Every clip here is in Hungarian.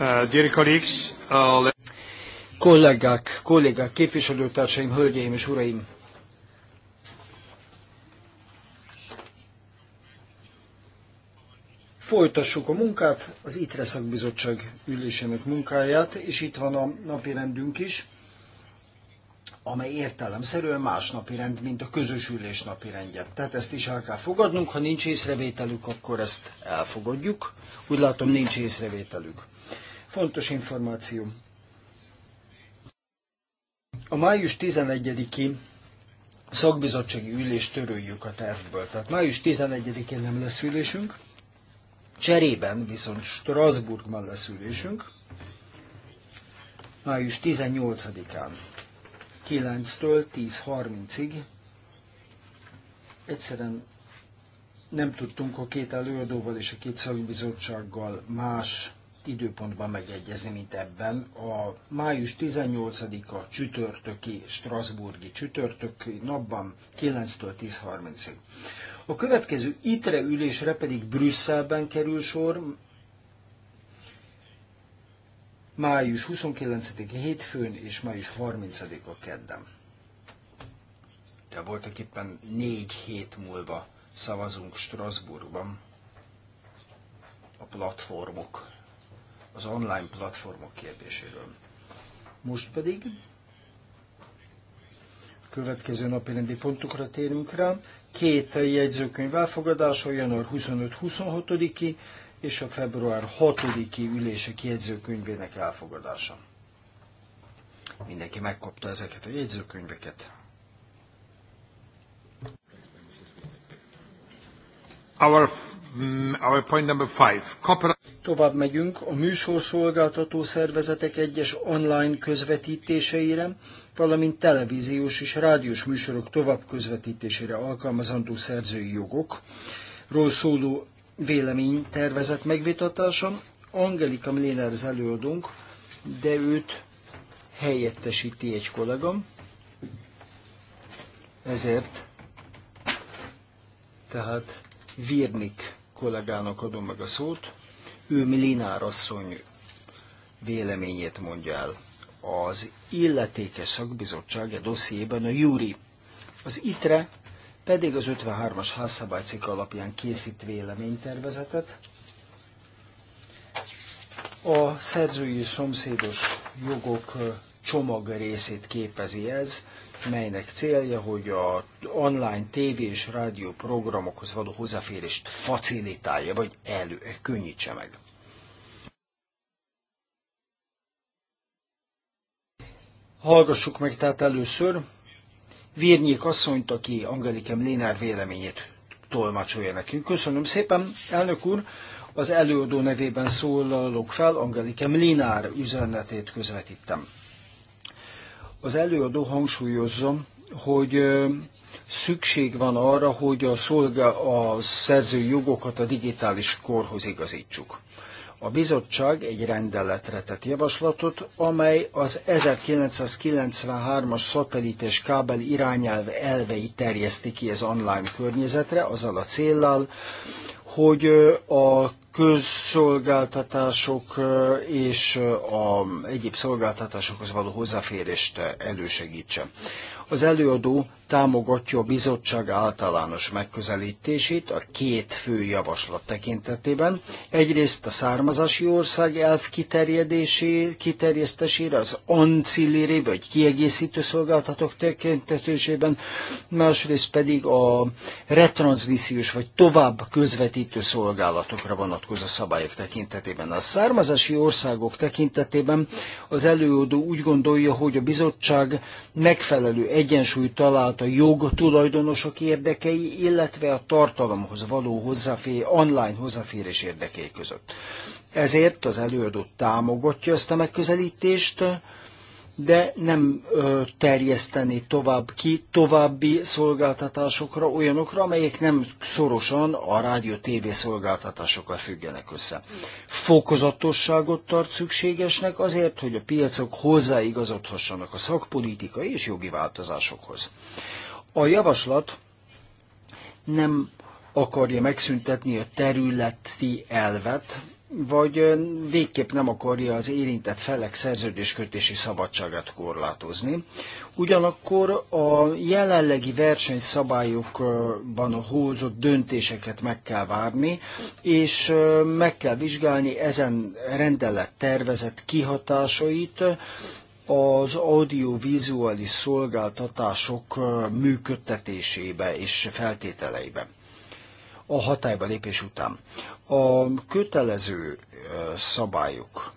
Uh, dear colleagues, uh, Kollégák, kollégák, képviselőtársaim, hölgyeim és uraim! Folytassuk a munkát, az ITRE szakbizottság ülésének munkáját, és itt van a napi rendünk is, amely értelemszerűen más napi rend, mint a közös ülés napi rendje. Tehát ezt is el kell fogadnunk, ha nincs észrevételük, akkor ezt elfogadjuk. Úgy látom, nincs észrevételük. Fontos információ. A május 11-i szakbizottsági ülést töröljük a tervből. Tehát május 11-én nem lesz ülésünk, cserében viszont Strasbourgban lesz ülésünk, május 18-án, 9-től 10.30-ig. Egyszerűen nem tudtunk a két előadóval és a két szakbizottsággal más időpontban megegyezni, mint ebben. A május 18-a csütörtöki, Strasburgi csütörtöki napban 9-től 10.30-ig. A következő ITRE ülésre pedig Brüsszelben kerül sor, május 29-én hétfőn és május 30-a kedden. De voltak éppen négy hét múlva szavazunk Strasbourgban a platformok az online platformok kérdéséről. Most pedig a következő napi rendi pontokra térünk rá. Két jegyzőkönyv elfogadása, január 25-26-i és a február 6-i ülések jegyzőkönyvének elfogadása. Mindenki megkapta ezeket a jegyzőkönyveket. Our Mm, our point number five. Tovább megyünk a műsorszolgáltató szervezetek egyes online közvetítéseire, valamint televíziós és rádiós műsorok tovább közvetítésére alkalmazandó szerzői jogok Ról szóló tervezett megvitatása. Angelika Mléner az előadónk, de őt helyettesíti egy kollégam. Ezért tehát Virnik kollégának adom meg a szót. Ő Milinár asszony véleményét mondja el. Az illetékes szakbizottság a dossziében a Júri. Az ITRE pedig az 53-as házszabálycik alapján készít véleménytervezetet. A szerzői szomszédos jogok csomag részét képezi ez, melynek célja, hogy a online tévé és rádió programokhoz való hozzáférést facilitálja, vagy elő, könnyítse meg. Hallgassuk meg tehát először Vérnyék asszonyt, aki Angelikem Lénár véleményét tolmácsolja nekünk. Köszönöm szépen, elnök úr! Az előadó nevében szólalok fel, Angelikem Linár üzenetét közvetítem. Az előadó hangsúlyozza, hogy szükség van arra, hogy a, szolga, a szerző jogokat a digitális korhoz igazítsuk. A bizottság egy rendeletre tett javaslatot, amely az 1993-as szatelites kábel irányelv elvei terjeszti ki az online környezetre, azzal a céllal, hogy a közszolgáltatások és a egyéb szolgáltatásokhoz való hozzáférést elősegítse. Az előadó támogatja a bizottság általános megközelítését a két fő javaslat tekintetében. Egyrészt a származási ország elv kiterjesztésére, az ancilléré vagy kiegészítő szolgáltatók tekintetésében, másrészt pedig a retranszmissziós vagy tovább közvetítő szolgálatokra vonatkozó vonatkozó szabályok tekintetében. A származási országok tekintetében az előadó úgy gondolja, hogy a bizottság megfelelő egyensúlyt talált a jog tulajdonosok érdekei, illetve a tartalomhoz való hozzáfér, online hozzáférés érdekei között. Ezért az előadó támogatja ezt a megközelítést, de nem ö, terjeszteni tovább ki további szolgáltatásokra, olyanokra, amelyek nem szorosan a rádió-TV szolgáltatásokkal függenek össze. Fokozatosságot tart szükségesnek azért, hogy a piacok hozzáigazodhassanak a szakpolitikai és jogi változásokhoz. A javaslat nem akarja megszüntetni a területi elvet, vagy végképp nem akarja az érintett felek szerződéskötési szabadságát korlátozni. Ugyanakkor a jelenlegi versenyszabályokban hozott döntéseket meg kell várni, és meg kell vizsgálni ezen rendelet tervezett kihatásait, az audiovizuális szolgáltatások működtetésébe és feltételeiben a hatályba lépés után. A kötelező szabályok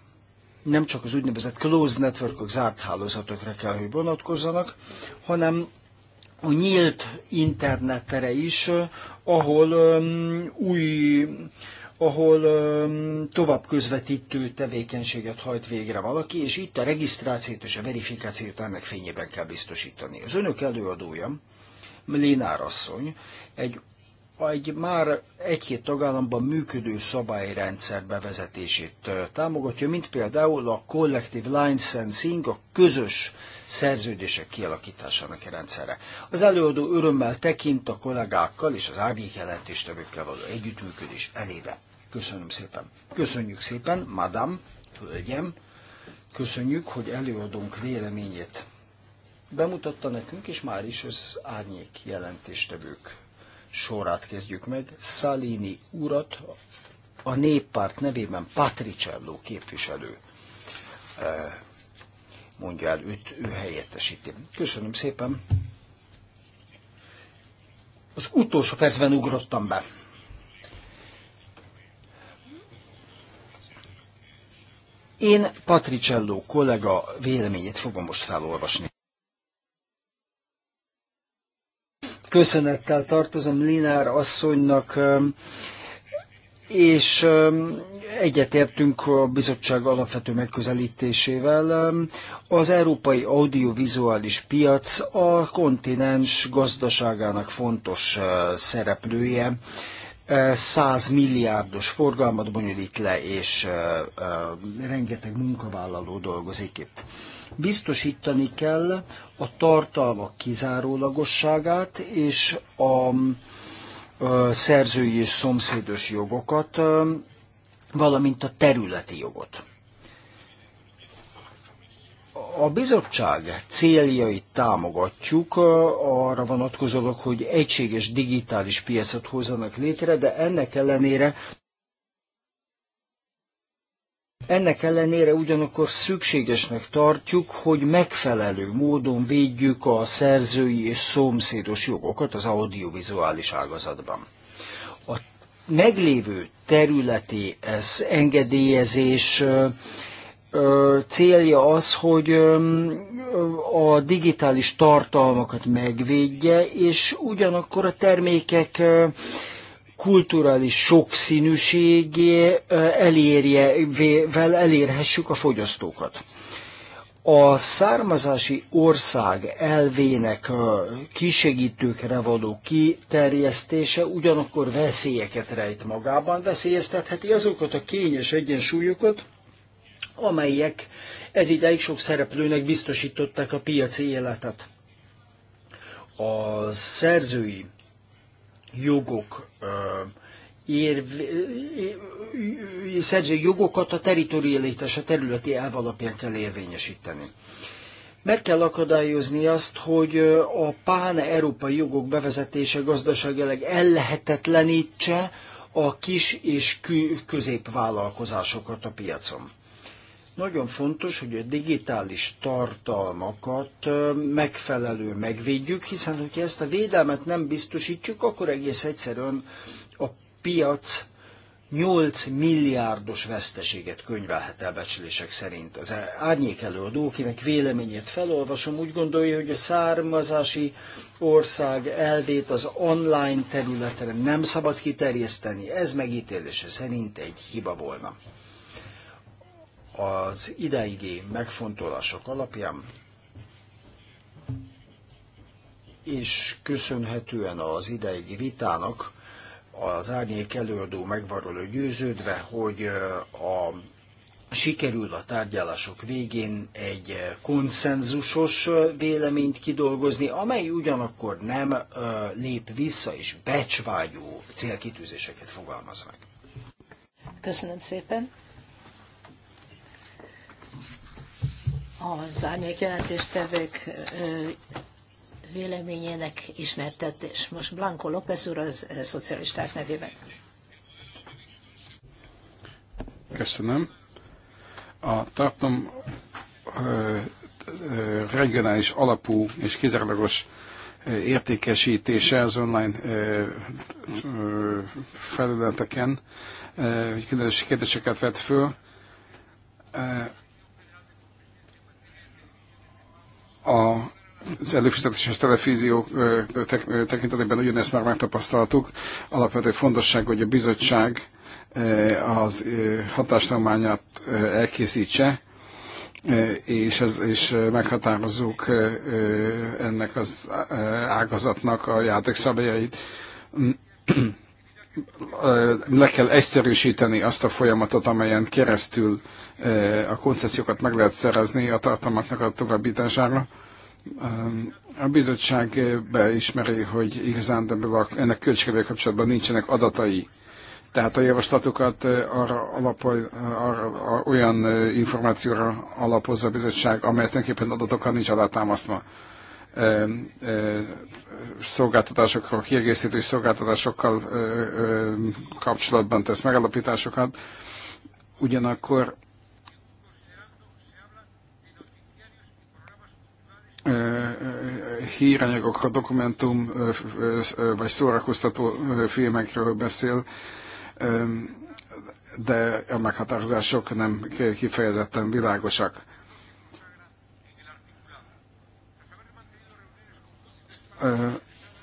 nem csak az úgynevezett closed networkök, zárt hálózatokra kell, hogy vonatkozzanak, hanem a nyílt internetre is, ahol um, új, ahol um, tovább közvetítő tevékenységet hajt végre valaki, és itt a regisztrációt és a verifikációt ennek fényében kell biztosítani. Az önök előadója, Lénár asszony, egy egy már egy-két tagállamban működő szabályrendszer bevezetését támogatja, mint például a Collective Licensing, a közös szerződések kialakításának rendszere. Az előadó örömmel tekint a kollégákkal és az árnyék jelentéstevőkkel való együttműködés elébe. Köszönöm szépen. Köszönjük szépen, madam, hölgyem. Köszönjük, hogy előadunk véleményét bemutatta nekünk, és már is az árnyék jelentéstevők sorát kezdjük meg. Salini urat a néppárt nevében Patricello képviselő eh, mondja el, őt, ő helyettesíti. Köszönöm szépen. Az utolsó percben ugrottam be. Én Patricello kollega véleményét fogom most felolvasni. köszönettel tartozom Linár asszonynak, és egyetértünk a bizottság alapvető megközelítésével. Az európai audiovizuális piac a kontinens gazdaságának fontos szereplője. 100 milliárdos forgalmat bonyolít le, és rengeteg munkavállaló dolgozik itt. Biztosítani kell a tartalmak kizárólagosságát és a szerzői és szomszédos jogokat, valamint a területi jogot. A bizottság céljait támogatjuk arra vonatkozólag, hogy egységes digitális piacot hozzanak létre, de ennek ellenére ennek ellenére ugyanakkor szükségesnek tartjuk, hogy megfelelő módon védjük a szerzői és szomszédos jogokat az audiovizuális ágazatban. A meglévő területi ez engedélyezés célja az, hogy a digitális tartalmakat megvédje, és ugyanakkor a termékek kulturális sokszínűségé elérje, vel elérhessük a fogyasztókat. A származási ország elvének kisegítőkre való kiterjesztése ugyanakkor veszélyeket rejt magában, veszélyeztetheti azokat a kényes egyensúlyokat, amelyek ez ideig sok szereplőnek biztosították a piaci életet. A szerzői jogok érv, szerző jogokat a teritorialitás, a területi elv alapján kell érvényesíteni. Meg kell akadályozni azt, hogy a pán-európai jogok bevezetése gazdaságileg ellehetetlenítse a kis és középvállalkozásokat a piacon. Nagyon fontos, hogy a digitális tartalmakat megfelelő megvédjük, hiszen hogyha ezt a védelmet nem biztosítjuk, akkor egész egyszerűen a piac 8 milliárdos veszteséget könyvelhet el becslések szerint. Az árnyék előadó, akinek véleményét felolvasom, úgy gondolja, hogy a származási ország elvét az online területre nem szabad kiterjeszteni. Ez megítélése szerint egy hiba volna az ideigi megfontolások alapján és köszönhetően az ideigi vitának az árnyék előadó megvaroló győződve, hogy a sikerül a tárgyalások végén egy konszenzusos véleményt kidolgozni, amely ugyanakkor nem lép vissza és becsvágyó célkitűzéseket fogalmaz meg. Köszönöm szépen. az árnyék jelentéstevők véleményének ismertetés. Most Blanco López úr az szocialisták nevében. Köszönöm. A tartom regionális alapú és kizárólagos értékesítése az online felületeken különös kérdéseket vett föl A az előfizetéses televízió tekintetében ugyanezt már megtapasztaltuk. Alapvető fontosság, hogy a bizottság az hatástanulmányát elkészítse, és, ez, és meghatározzuk ennek az ágazatnak a játékszabályait. Le kell egyszerűsíteni azt a folyamatot, amelyen keresztül a koncesziókat meg lehet szerezni a tartalmaknak a továbbítására Um, a bizottság eh, beismeri, hogy igazán ennek költségével kapcsolatban nincsenek adatai. Tehát a javaslatokat eh, arra alapol, eh, arra, olyan információra alapozza a bizottság, amelyet tulajdonképpen adatokkal nincs alátámasztva. E, e, szolgáltatásokról, kiegészítő szolgáltatásokkal e, kapcsolatban tesz megalapításokat. Ugyanakkor híranyagokra, dokumentum vagy szórakoztató filmekről beszél, de a meghatározások nem kifejezetten világosak.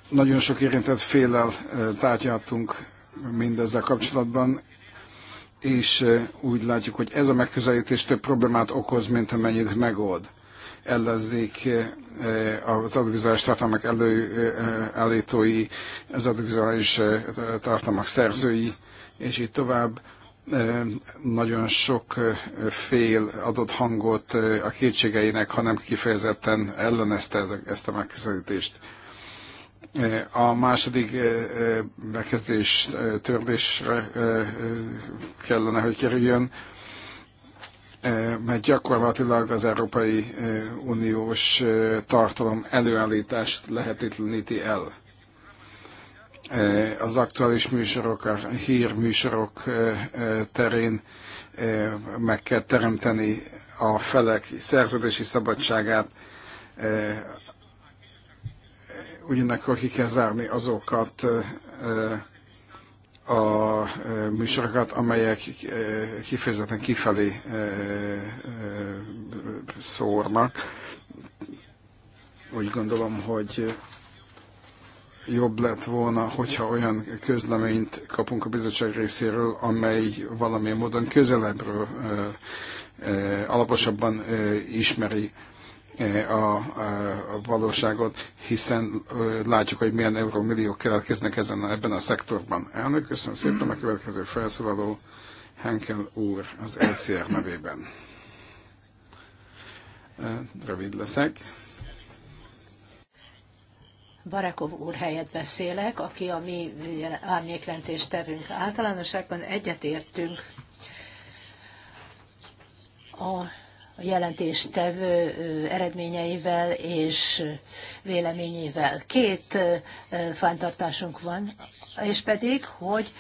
Nagyon sok érintett félel tárgyaltunk mindezzel kapcsolatban, és úgy látjuk, hogy ez a megközelítés több problémát okoz, mint amennyit megold ellenzék eh, az audiovizuális tartalmak előállítói, eh, az audiovizuális eh, tartalmak szerzői, és így tovább. Nagyon sok fél adott hangot a kétségeinek, hanem kifejezetten ellenezte ezt a megközelítést. A második bekezdés törlésre kellene, hogy kerüljön mert gyakorlatilag az Európai Uniós tartalom előállítást lehetetleníti el. Az aktuális műsorok, a hírműsorok terén meg kell teremteni a felek szerződési szabadságát, ugyanakkor ki kell zárni azokat, a e, műsorokat, amelyek e, kifejezetten kifelé e, szórnak. Úgy gondolom, hogy jobb lett volna, hogyha olyan közleményt kapunk a bizottság részéről, amely valamilyen módon közelebbről alaposabban ismeri Eh, eh, a, valóságot, hiszen látjuk, hogy milyen eurómilliók keletkeznek ezen, ebben a szektorban. Elnök, köszönöm szépen a következő felszólaló Henkel úr az LCR nevében. Eh, rövid leszek. Barakov úr helyett beszélek, aki a mi árnyékrendést tevünk. Általánosságban egyetértünk a a jelentéstevő eredményeivel és véleményével. Két fenntartásunk van, és pedig, hogy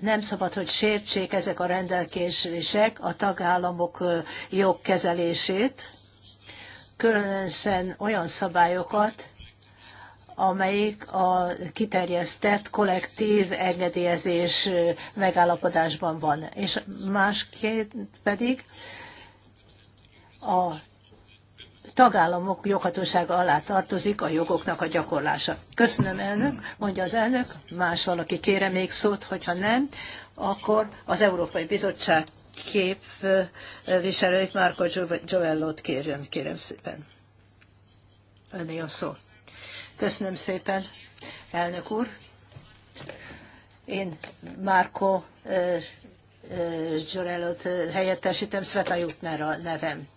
nem szabad, hogy sértsék ezek a rendelkezések a tagállamok jogkezelését, különösen olyan szabályokat, amelyik a kiterjesztett kollektív engedélyezés megállapodásban van. És másként pedig a tagállamok joghatósága alá tartozik a jogoknak a gyakorlása. Köszönöm, elnök, mondja az elnök. Más valaki kére még szót, hogyha nem, akkor az Európai Bizottság képviselőit, Márko Gio t kérjön, kérem szépen. Öné a szó. Köszönöm szépen, elnök úr. Én Márko Zsorelot helyettesítem, Sveta Jutner a nevem.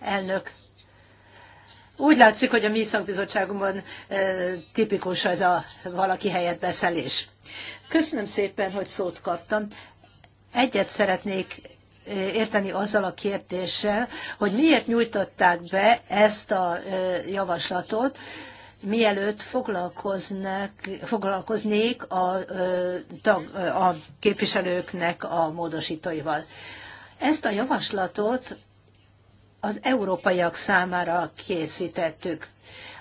Elnök, úgy látszik, hogy a mi szakbizottságunkban tipikus ez a valaki helyett beszélés. Köszönöm szépen, hogy szót kaptam. Egyet szeretnék érteni azzal a kérdéssel, hogy miért nyújtották be ezt a javaslatot, mielőtt foglalkoznak, foglalkoznék a, a képviselőknek a módosítóival. Ezt a javaslatot az európaiak számára készítettük.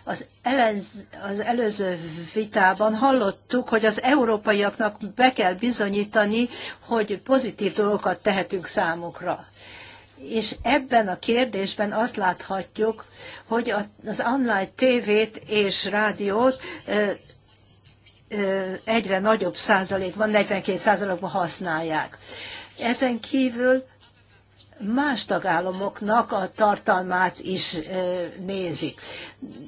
Az, elez, az előző vitában hallottuk, hogy az európaiaknak be kell bizonyítani, hogy pozitív dolgokat tehetünk számukra. És ebben a kérdésben azt láthatjuk, hogy az online tévét és rádiót egyre nagyobb százalékban, 42 százalékban használják. Ezen kívül más tagállamoknak a tartalmát is nézik.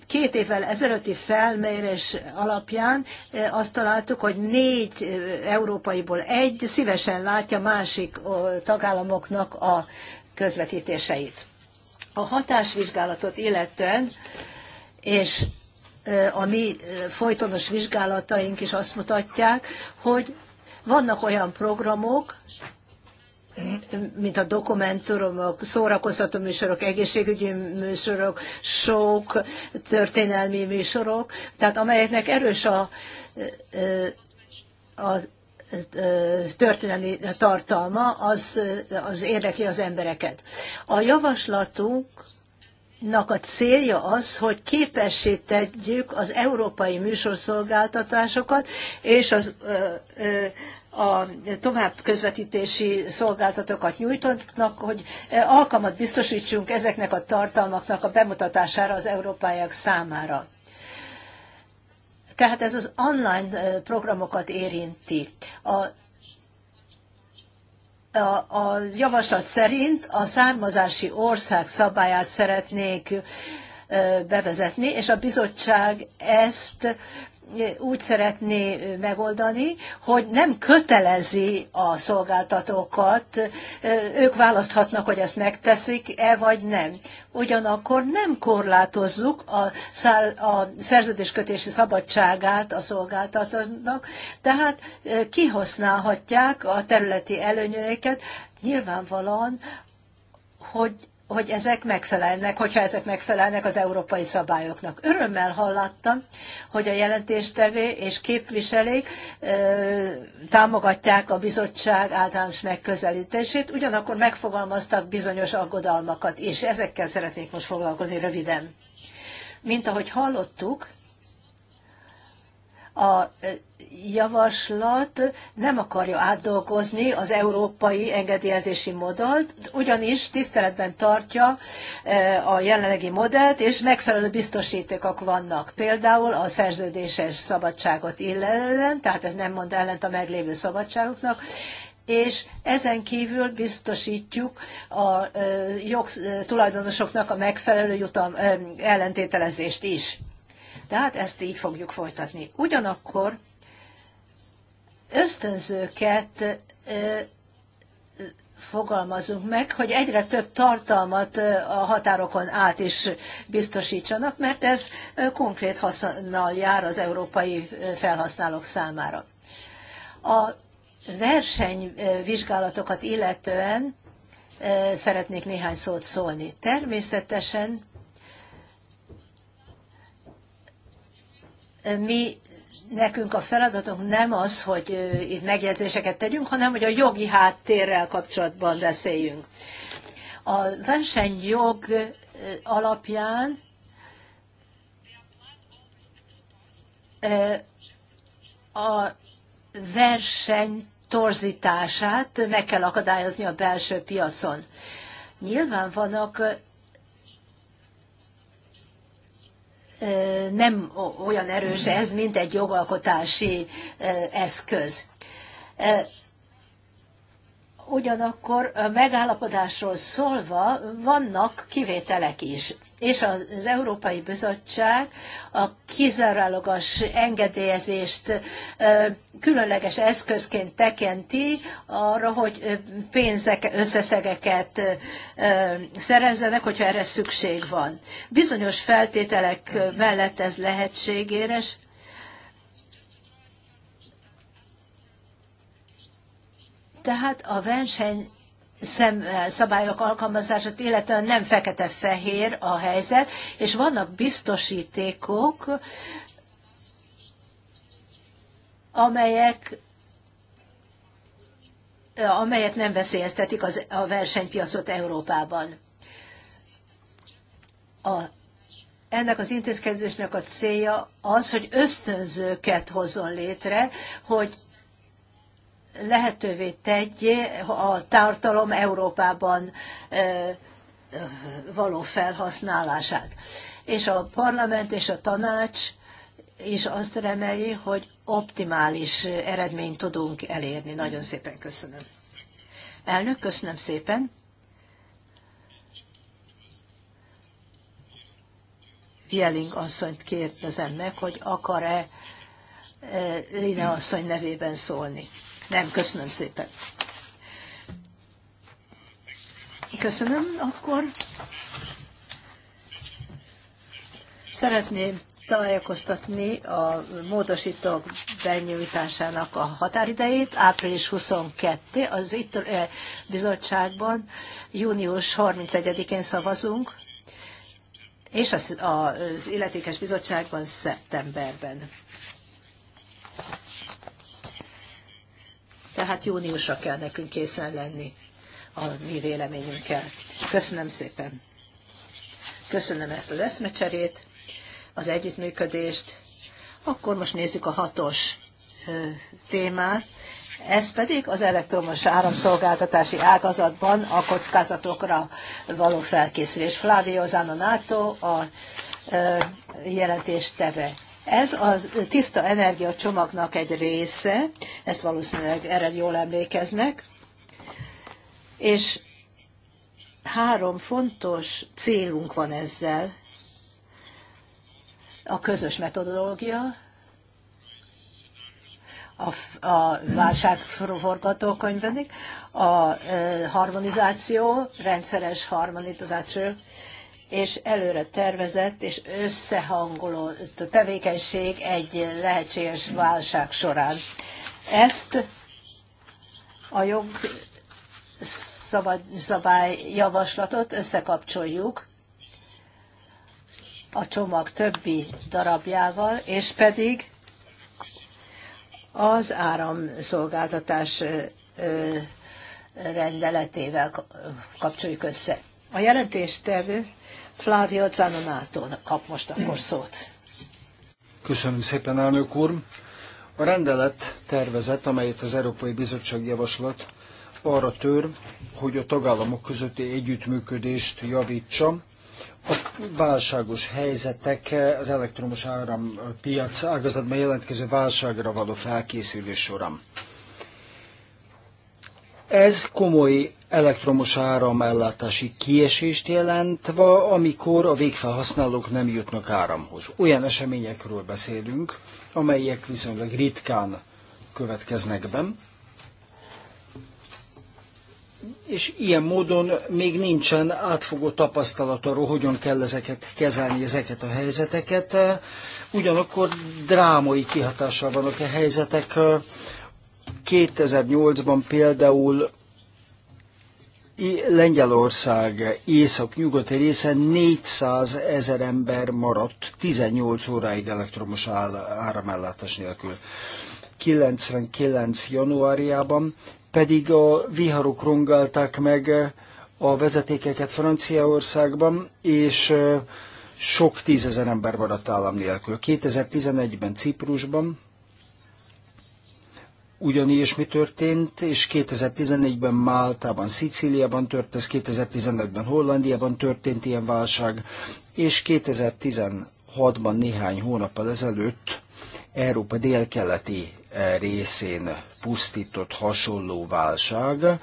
Két évvel ezelőtti felmérés alapján azt találtuk, hogy négy európaiból egy szívesen látja másik tagállamoknak a közvetítéseit. A hatásvizsgálatot illetően, és a mi folytonos vizsgálataink is azt mutatják, hogy vannak olyan programok, mint a dokumentumok, szórakoztató műsorok, egészségügyi műsorok, sok történelmi műsorok, tehát amelyeknek erős a, a történelmi tartalma, az, az érdekli az embereket. A javaslatunknak a célja az, hogy képessé tegyük az európai műsorszolgáltatásokat és az, a tovább közvetítési szolgáltatókat nyújtanak, hogy alkalmat biztosítsunk ezeknek a tartalmaknak a bemutatására az európaiak számára. Tehát ez az online programokat érinti. A a, a javaslat szerint a származási ország szabályát szeretnék bevezetni, és a bizottság ezt úgy szeretné megoldani, hogy nem kötelezi a szolgáltatókat, ők választhatnak, hogy ezt megteszik-e vagy nem. Ugyanakkor nem korlátozzuk a, száll, a szerződéskötési szabadságát a szolgáltatónak, tehát kihasználhatják a területi előnyöket, nyilvánvalóan, hogy hogy ezek megfelelnek, hogyha ezek megfelelnek az európai szabályoknak. Örömmel hallattam, hogy a jelentéstevé és képviselék támogatják a bizottság általános megközelítését, ugyanakkor megfogalmaztak bizonyos aggodalmakat, és ezekkel szeretnék most foglalkozni röviden. Mint ahogy hallottuk, a e, javaslat nem akarja átdolgozni az európai engedélyezési modellt, ugyanis tiszteletben tartja e, a jelenlegi modellt, és megfelelő biztosítékok vannak. Például a szerződéses szabadságot illetően, tehát ez nem mond ellent a meglévő szabadságoknak, és ezen kívül biztosítjuk a e, jogtulajdonosoknak a megfelelő jutalm, ellentételezést is. Tehát ezt így fogjuk folytatni. Ugyanakkor ösztönzőket fogalmazunk meg, hogy egyre több tartalmat a határokon át is biztosítsanak, mert ez konkrét haszonnal jár az európai felhasználók számára. A versenyvizsgálatokat illetően szeretnék néhány szót szólni. Természetesen mi nekünk a feladatunk nem az, hogy itt megjegyzéseket tegyünk, hanem hogy a jogi háttérrel kapcsolatban beszéljünk. A versenyjog alapján a verseny torzítását meg kell akadályozni a belső piacon. Nyilván vannak nem olyan erős ez, mint egy jogalkotási eszköz ugyanakkor a megállapodásról szólva vannak kivételek is. És az Európai Bizottság a kizárólagos engedélyezést különleges eszközként tekinti arra, hogy pénzek, összeszegeket szerezzenek, hogyha erre szükség van. Bizonyos feltételek mellett ez lehetséges, Tehát a verseny szem, eh, szabályok alkalmazását, életen nem fekete-fehér a helyzet, és vannak biztosítékok, amelyek eh, amelyek nem veszélyeztetik az, a versenypiacot Európában. A, ennek az intézkedésnek a célja az, hogy ösztönzőket hozzon létre, hogy lehetővé tegye a tartalom Európában való felhasználását. És a parlament és a tanács is azt remeli, hogy optimális eredményt tudunk elérni. Nagyon szépen köszönöm. Elnök, köszönöm szépen. Vieling asszonyt kérdezem meg, hogy akar-e Lina asszony nevében szólni. Nem, köszönöm szépen. Köszönöm, akkor szeretném tájékoztatni a módosítók benyújtásának a határidejét, április 22 az itt bizottságban június 31-én szavazunk, és az, az illetékes bizottságban szeptemberben tehát júniusra kell nekünk készen lenni a mi véleményünkkel. Köszönöm szépen. Köszönöm ezt az eszmecserét, az együttműködést. Akkor most nézzük a hatos témát. Ez pedig az elektromos áramszolgáltatási ágazatban a kockázatokra való felkészülés. Flávio Zanonato a teve. Ez a tiszta energia csomagnak egy része, ezt valószínűleg erre jól emlékeznek, és három fontos célunk van ezzel. A közös metodológia, a, a válság a, a harmonizáció, rendszeres harmonizáció, és előre tervezett és összehangoló tevékenység egy lehetséges válság során. Ezt a jog szabály javaslatot összekapcsoljuk a csomag többi darabjával, és pedig az áramszolgáltatás rendeletével kapcsoljuk össze. A jelentéstevő Flávia Zanonato kap most akkor szót. Köszönöm szépen, elnök úr. A rendelet tervezet, amelyet az Európai Bizottság javaslat arra tör, hogy a tagállamok közötti együttműködést javítsa, a válságos helyzetek, az elektromos árampiac ágazatban jelentkező válságra való felkészülés során. Ez komoly elektromos áramellátási kiesést jelentve, amikor a végfelhasználók nem jutnak áramhoz. Olyan eseményekről beszélünk, amelyek viszonylag ritkán következnek be, és ilyen módon még nincsen átfogó tapasztalat arról, hogyan kell ezeket kezelni, ezeket a helyzeteket. Ugyanakkor drámai kihatással vannak a e helyzetek. 2008-ban például Lengyelország észak-nyugati része 400 ezer ember maradt 18 óráig elektromos áramellátás nélkül. 99. januárjában pedig a viharok rongálták meg a vezetékeket Franciaországban, és sok tízezer ember maradt állam nélkül. 2011-ben Ciprusban ugyanis mi történt, és 2014-ben Máltában, Szicíliában tört ez, 2015-ben Hollandiában történt ilyen válság, és 2016-ban néhány hónappal ezelőtt Európa délkeleti eh, részén pusztított hasonló válság.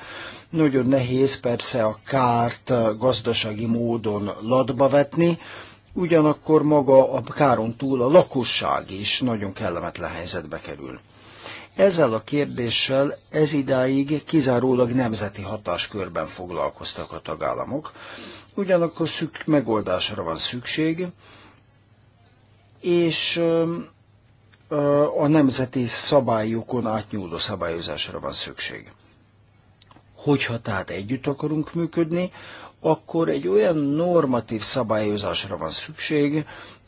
Nagyon nehéz persze a kárt eh, gazdasági módon latba vetni, ugyanakkor maga a káron túl a lakosság is nagyon kellemetlen helyzetbe kerül. Ezzel a kérdéssel ez idáig kizárólag nemzeti hatáskörben foglalkoztak a tagállamok, ugyanakkor szük megoldásra van szükség, és a nemzeti szabályokon átnyúló szabályozásra van szükség. Hogyha tehát együtt akarunk működni, akkor egy olyan normatív szabályozásra van szükség,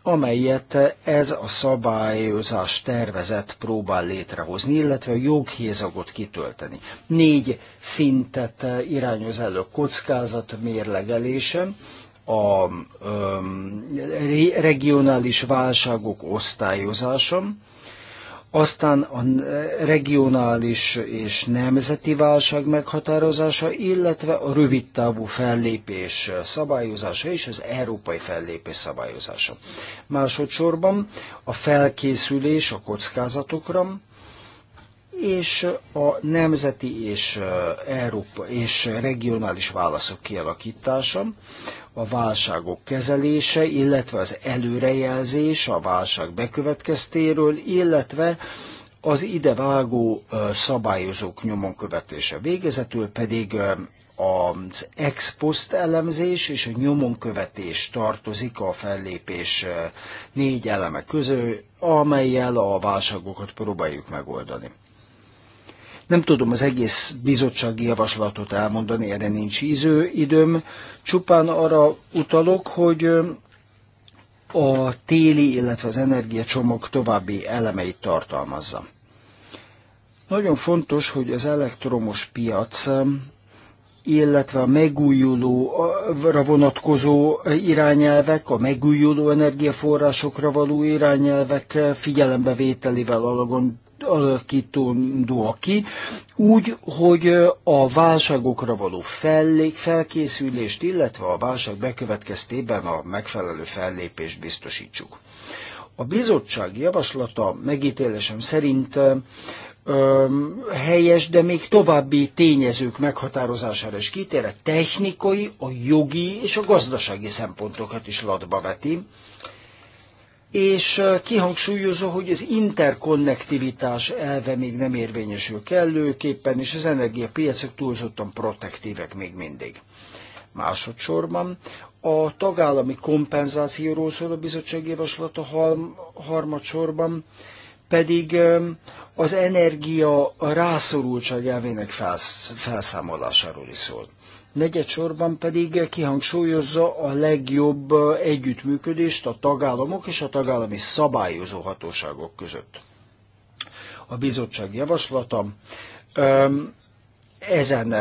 amelyet ez a szabályozás tervezet próbál létrehozni, illetve a joghézagot kitölteni. Négy szintet irányoz elő kockázat mérlegelése, a um, regionális válságok osztályozása, aztán a regionális és nemzeti válság meghatározása, illetve a rövidtávú fellépés szabályozása és az európai fellépés szabályozása. Másodszorban a felkészülés a kockázatokra, és a nemzeti és eh, Európa és regionális válaszok kialakítása, a válságok kezelése, illetve az előrejelzés a válság bekövetkeztéről, illetve az idevágó eh, szabályozók nyomon követése végezetül pedig eh, az ex post elemzés és a nyomon követés tartozik a fellépés négy eleme közül, amelyel a válságokat próbáljuk megoldani. Nem tudom az egész bizottsági javaslatot elmondani, erre nincs íző időm. Csupán arra utalok, hogy a téli, illetve az energiacsomag további elemeit tartalmazza. Nagyon fontos, hogy az elektromos piac illetve a megújulóra vonatkozó irányelvek, a megújuló energiaforrásokra való irányelvek figyelembevételével alagon alakítóak ki, úgy, hogy a válságokra való fellék, felkészülést, illetve a válság bekövetkeztében a megfelelő fellépést biztosítsuk. A bizottság javaslata megítélésem szerint helyes, de még további tényezők meghatározására is kitér, a technikai, a jogi és a gazdasági szempontokat is latba veti és kihangsúlyozó, hogy az interkonnektivitás elve még nem érvényesül kellőképpen, és az energiapiacok túlzottan protektívek még mindig. Másodszorban a tagállami kompenzációról szól a bizottság javaslata harmadsorban, pedig az energia rászorultság elvének felszámolásáról is szól negyedsorban pedig kihangsúlyozza a legjobb együttműködést a tagállamok és a tagállami szabályozó hatóságok között. A bizottság javaslata ezen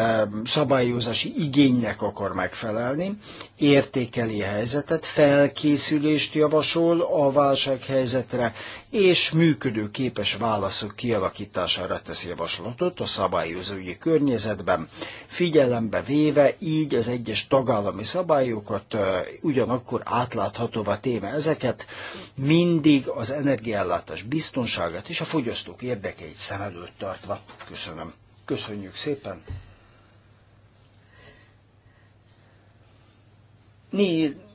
szabályozási igénynek akar megfelelni, értékeli a helyzetet, felkészülést javasol a válsághelyzetre, és működőképes válaszok kialakítására tesz javaslatot a szabályozói környezetben, figyelembe véve így az egyes tagállami szabályokat, ugyanakkor átláthatóvá téve ezeket, mindig az energiállátás biztonságát és a fogyasztók érdekeit szem előtt tartva. Köszönöm. Köszönjük szépen!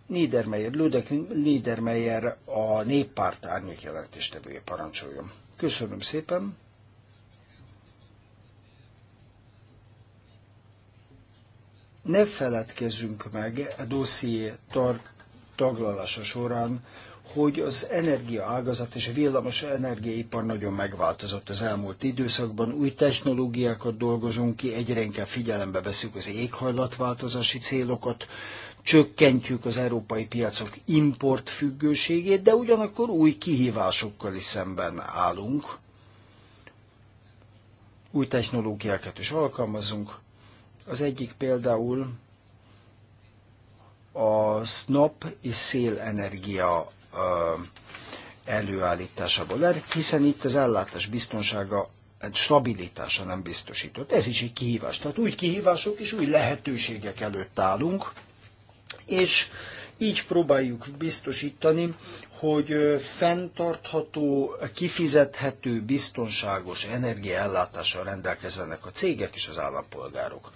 Niedermeyer, Ludek Niedermeyer a néppárt árnyékjelentéstevője parancsoljon. Köszönöm szépen! Ne feledkezzünk meg a dosszié taglalása során, hogy az energiaágazat és a villamos energiaipar nagyon megváltozott az elmúlt időszakban. Új technológiákat dolgozunk ki, egyre inkább figyelembe veszük az éghajlatváltozási célokat, csökkentjük az európai piacok importfüggőségét, de ugyanakkor új kihívásokkal is szemben állunk. Új technológiákat is alkalmazunk. Az egyik például a nap és szélenergia előállításából, hiszen itt az ellátás biztonsága stabilitása nem biztosított. Ez is egy kihívás. Tehát új kihívások és új lehetőségek előtt állunk, és így próbáljuk biztosítani, hogy fenntartható, kifizethető, biztonságos energiaellátással rendelkezzenek a cégek és az állampolgárok.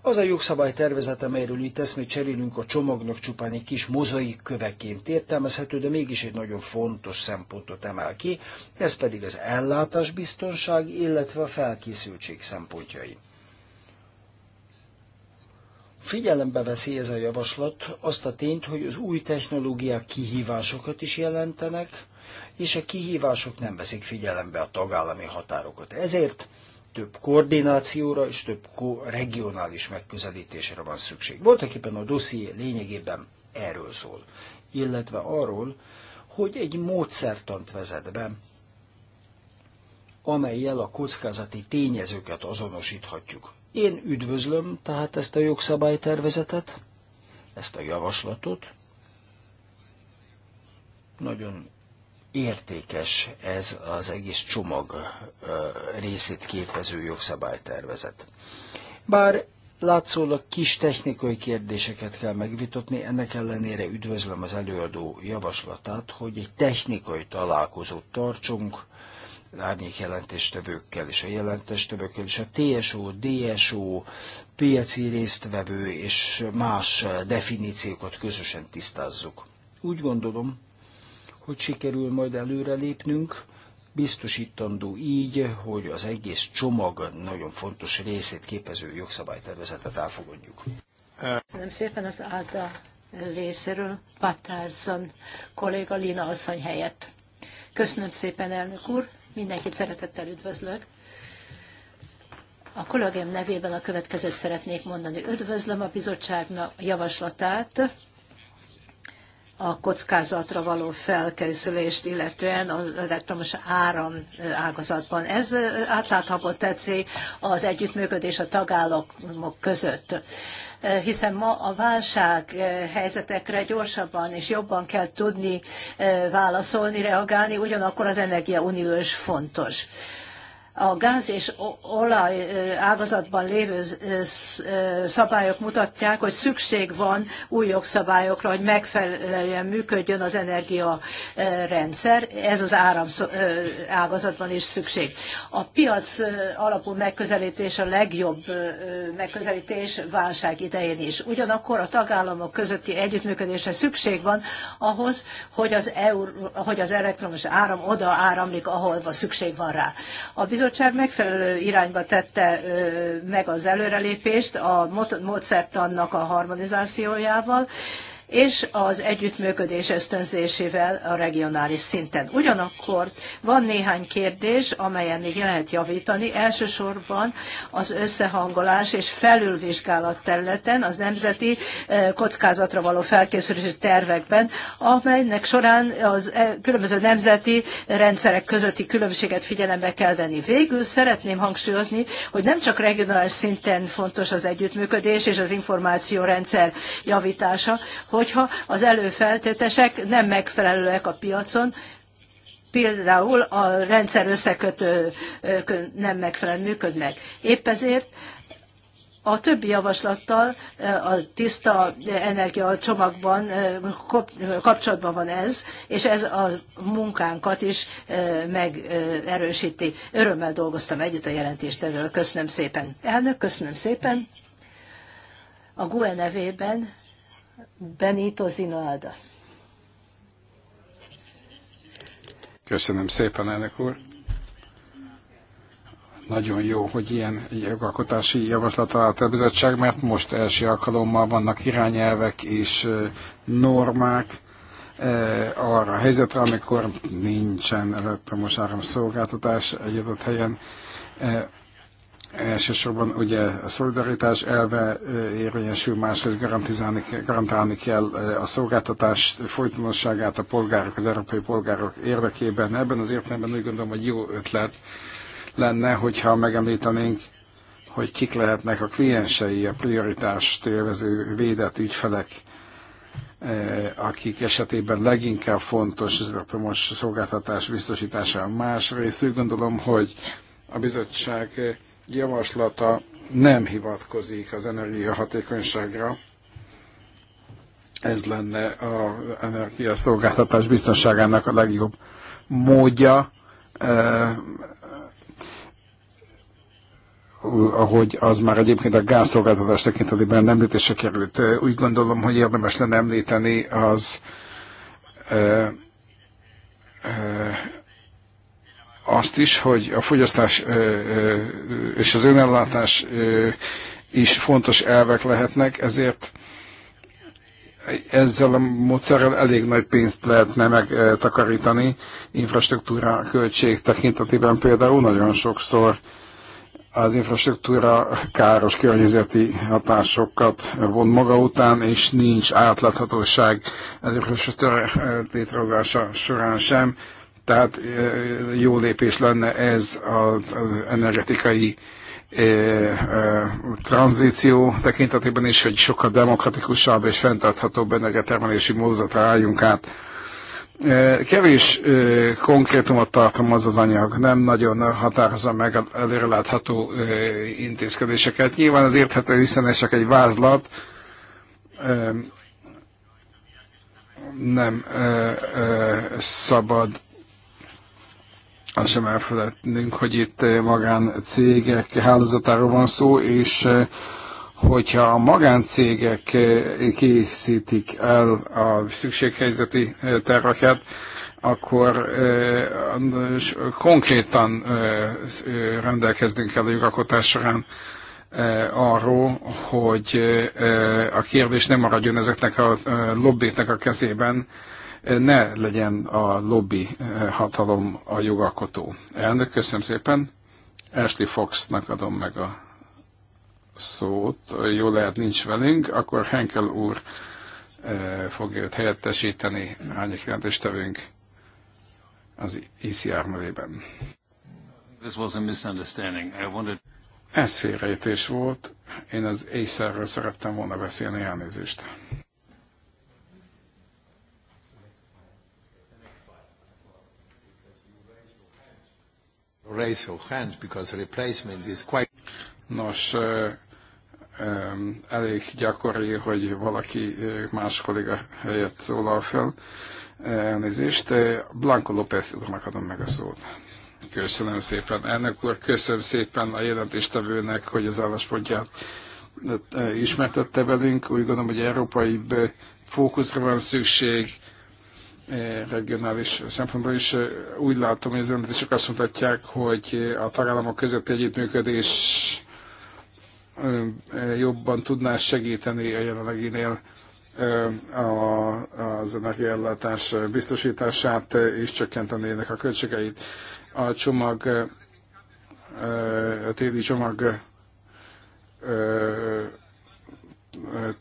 Az a tervezet, amelyről itt eszmét cserélünk, a csomagnak csupán egy kis mozaik köveként értelmezhető, de mégis egy nagyon fontos szempontot emel ki, ez pedig az ellátás biztonság, illetve a felkészültség szempontjai. Figyelembe veszi ez a javaslat azt a tényt, hogy az új technológiák kihívásokat is jelentenek, és a kihívások nem veszik figyelembe a tagállami határokat. Ezért több koordinációra és több ko regionális megközelítésre van szükség. Voltak éppen a dosszié lényegében erről szól, illetve arról, hogy egy módszertant vezet be, amelyel a kockázati tényezőket azonosíthatjuk. Én üdvözlöm tehát ezt a jogszabálytervezetet, ezt a javaslatot. Nagyon értékes ez az egész csomag részét képező jogszabálytervezet. Bár látszólag kis technikai kérdéseket kell megvitatni, ennek ellenére üdvözlöm az előadó javaslatát, hogy egy technikai találkozót tartsunk, árnyékjelentéstevőkkel jelentéstevőkkel és a jelentéstevőkkel és a TSO, DSO, piaci résztvevő és más definíciókat közösen tisztázzuk. Úgy gondolom, hogy sikerül majd előrelépnünk, biztosítandó így, hogy az egész csomag nagyon fontos részét képező jogszabálytervezetet elfogadjuk. Köszönöm szépen az Áda részéről, Patterson kolléga Lina asszony helyett. Köszönöm szépen, elnök úr. Mindenkit szeretettel üdvözlök. A kollégém nevében a következőt szeretnék mondani. Üdvözlöm a bizottságnak javaslatát a kockázatra való felkészülést, illetően az elektromos áram ágazatban. Ez átlátható tetszik az együttműködés a tagállamok között hiszen ma a válság helyzetekre gyorsabban és jobban kell tudni eh, válaszolni, reagálni, ugyanakkor az energiaunió is fontos a gáz és olaj ágazatban lévő szabályok mutatják, hogy szükség van új jogszabályokra, hogy megfelelően működjön az energiarendszer. Ez az áram ágazatban is szükség. A piac alapú megközelítés a legjobb megközelítés válság idején is. Ugyanakkor a tagállamok közötti együttműködésre szükség van ahhoz, hogy az, EU, hogy az elektromos áram oda áramlik, ahol szükség van rá. A bizonyos bizottság megfelelő irányba tette meg az előrelépést a módszertannak a harmonizációjával, és az együttműködés ösztönzésével a regionális szinten. Ugyanakkor van néhány kérdés, amelyen még lehet javítani, elsősorban az összehangolás és felülvizsgálat területen, az nemzeti eh, kockázatra való felkészülési tervekben, amelynek során az eh, különböző nemzeti rendszerek közötti különbséget figyelembe kell venni. Végül szeretném hangsúlyozni, hogy nem csak regionális szinten fontos az együttműködés és az információrendszer javítása, hogyha az előfeltétesek nem megfelelőek a piacon, például a rendszer összekötő nem megfelelően működnek. Épp ezért a többi javaslattal a tiszta energia csomagban kapcsolatban van ez, és ez a munkánkat is megerősíti. Örömmel dolgoztam együtt a jelentéstevővel. Köszönöm szépen. Elnök, köszönöm szépen. A GUE nevében Benito Zinoada. Köszönöm szépen, elnök úr. Nagyon jó, hogy ilyen jogalkotási javaslat állt a bizottság, mert most első alkalommal vannak irányelvek és normák arra a helyzetre, amikor nincsen elektromos áramszolgáltatás egy adott helyen Elsősorban ugye a szolidaritás elve érvényesül, másrészt garantizálni, garantálni kell a szolgáltatás folytonosságát a polgárok, az európai polgárok érdekében. Ebben az értelemben úgy gondolom, hogy jó ötlet lenne, hogyha megemlítenénk, hogy kik lehetnek a kliensei, a prioritást élvező védett ügyfelek, akik esetében leginkább fontos az elektromos szolgáltatás biztosítása. Másrészt úgy gondolom, hogy a bizottság javaslata nem hivatkozik az energiahatékonyságra. Ez lenne az energiaszolgáltatás biztonságának a legjobb módja, eh, ahogy az már egyébként a gázszolgáltatás tekintetében említése került. Úgy gondolom, hogy érdemes lenne említeni az eh, eh azt is, hogy a fogyasztás és az önellátás is fontos elvek lehetnek, ezért ezzel a módszerrel elég nagy pénzt lehetne megtakarítani infrastruktúra költség tekintetében például nagyon sokszor az infrastruktúra káros környezeti hatásokat von maga után, és nincs átláthatóság az infrastruktúra létrehozása során sem. Tehát jó lépés lenne ez az energetikai tranzíció tekintetében is, hogy sokkal demokratikusabb és fenntarthatóbb energiatermelési módozatra álljunk át. Kevés konkrétumot tartalmaz az anyag, nem nagyon határozza meg látható intézkedéseket. Nyilván az érthető, hiszen csak egy vázlat, nem szabad azt sem elfelejtnünk, hogy itt eh, magáncégek hálózatáról van szó, és eh, hogyha a magáncégek eh, készítik el a szükséghelyzeti terveket, akkor konkrétan rendelkeznünk el a jogalkotás során arról, hogy a kérdés nem maradjon ezeknek a lobbéknek a kezében, ne legyen a lobby eh, hatalom a jogalkotó. Elnök, köszönöm szépen. Ashley Foxnak adom meg a szót. Jó lehet nincs velünk, akkor Henkel úr eh, fogja őt helyettesíteni, hányik jelentéstevünk az ICR nevében. This was a misunderstanding. I wanted... Ez félrejtés volt. Én az észerről szerettem volna beszélni, elnézést. Raise your hand because replacement is quite... Nos, elég gyakori, hogy valaki más kolléga helyett szólal fel. Elnézést. Blanco López úrnak adom meg a szót. Köszönöm szépen. Elnök úr, köszönöm szépen a jelentéstevőnek, hogy az álláspontját ismertette velünk. Úgy gondolom, hogy európai fókuszra van szükség, Eh, regionális szempontból is eh, úgy látom, hogy az csak azt mutatják, hogy eh, a tagállamok közötti együttműködés jobban tudná segíteni a jelenleginél az energiállátás biztosítását és csökkentenének a költségeit. A csomag, a téli csomag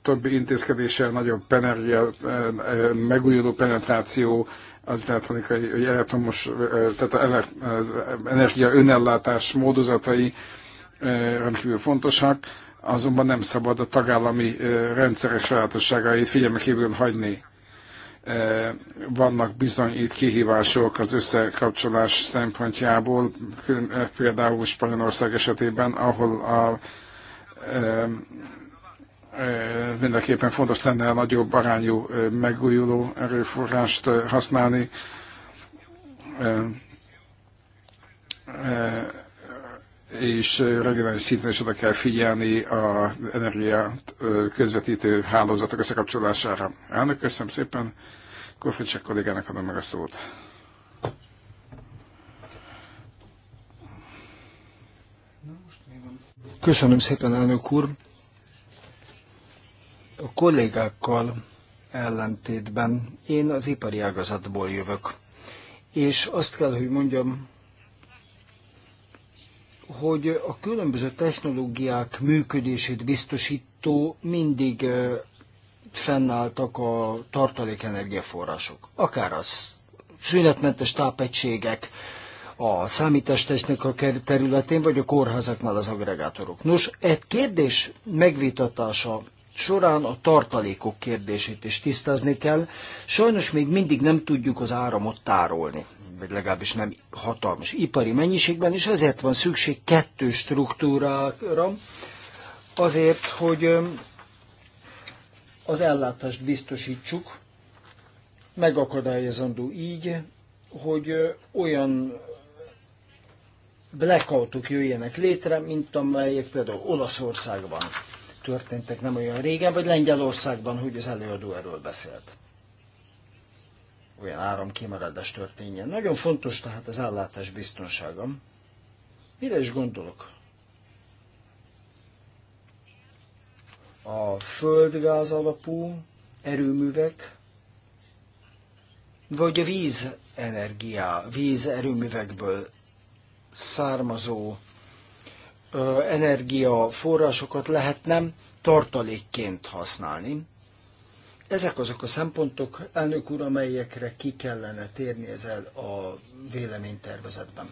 többi intézkedéssel nagyobb energia, eh, eh, megújuló penetráció, az elektronikai, vagy elektromos, eh, tehát az energia önellátás módozatai rendkívül fontosak, azonban nem szabad a tagállami rendszerek sajátosságait figyelme kívül hagyni. Vannak bizony itt kihívások az összekapcsolás szempontjából, például Spanyolország esetében, ahol a Eh, mindenképpen fontos lenne a nagyobb arányú eh, megújuló erőforrást eh, használni. És regionális szinten is oda kell figyelni az energiát közvetítő hálózatok összekapcsolására. Elnök, köszönöm szépen. Kofricsek kollégának adom meg a szót. Köszönöm szépen, elnök úr. A kollégákkal ellentétben én az ipari ágazatból jövök. És azt kell, hogy mondjam, hogy a különböző technológiák működését biztosító mindig fennálltak a tartalék energiaforrások. Akár az szünetmentes tápegységek, a számítástechnika területén, vagy a kórházaknál az agregátorok. Nos, egy kérdés megvitatása során a tartalékok kérdését is tisztázni kell. Sajnos még mindig nem tudjuk az áramot tárolni, vagy legalábbis nem hatalmas ipari mennyiségben, és ezért van szükség kettő struktúrára, azért, hogy az ellátást biztosítsuk, megakadályozandó így, hogy olyan blackoutok jöjjenek létre, mint amelyek például Olaszországban történtek nem olyan régen, vagy Lengyelországban, hogy az előadó erről beszélt. Olyan áramkimaradás történjen. Nagyon fontos tehát az ellátás biztonsága. Mire is gondolok? A földgáz alapú erőművek, vagy a vízenergia, vízerőművekből származó energiaforrásokat lehetne tartalékként használni. Ezek azok a szempontok, elnök úr, amelyekre ki kellene térni ezzel a véleménytervezetben.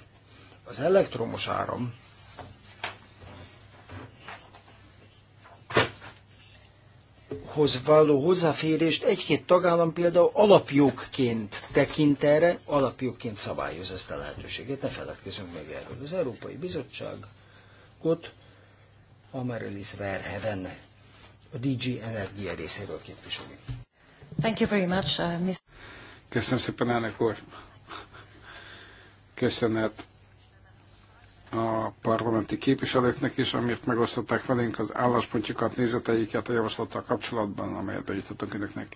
Az elektromos áram hoz való hozzáférést egy-két tagállam például alapjogként tekint erre, alapjogként szabályoz ezt a lehetőséget. Ne feledkezzünk meg erről. Az Európai Bizottság Koch-ot, Amaryllis a DG Energia részéről képviselő. Thank you very much, uh, Ms. Köszönöm szépen, elnök úr. Köszönet a parlamenti képviselőknek is, amiért megosztották velünk az álláspontjukat, nézeteiket a javaslattal kapcsolatban, amelyet bejutottunk önöknek.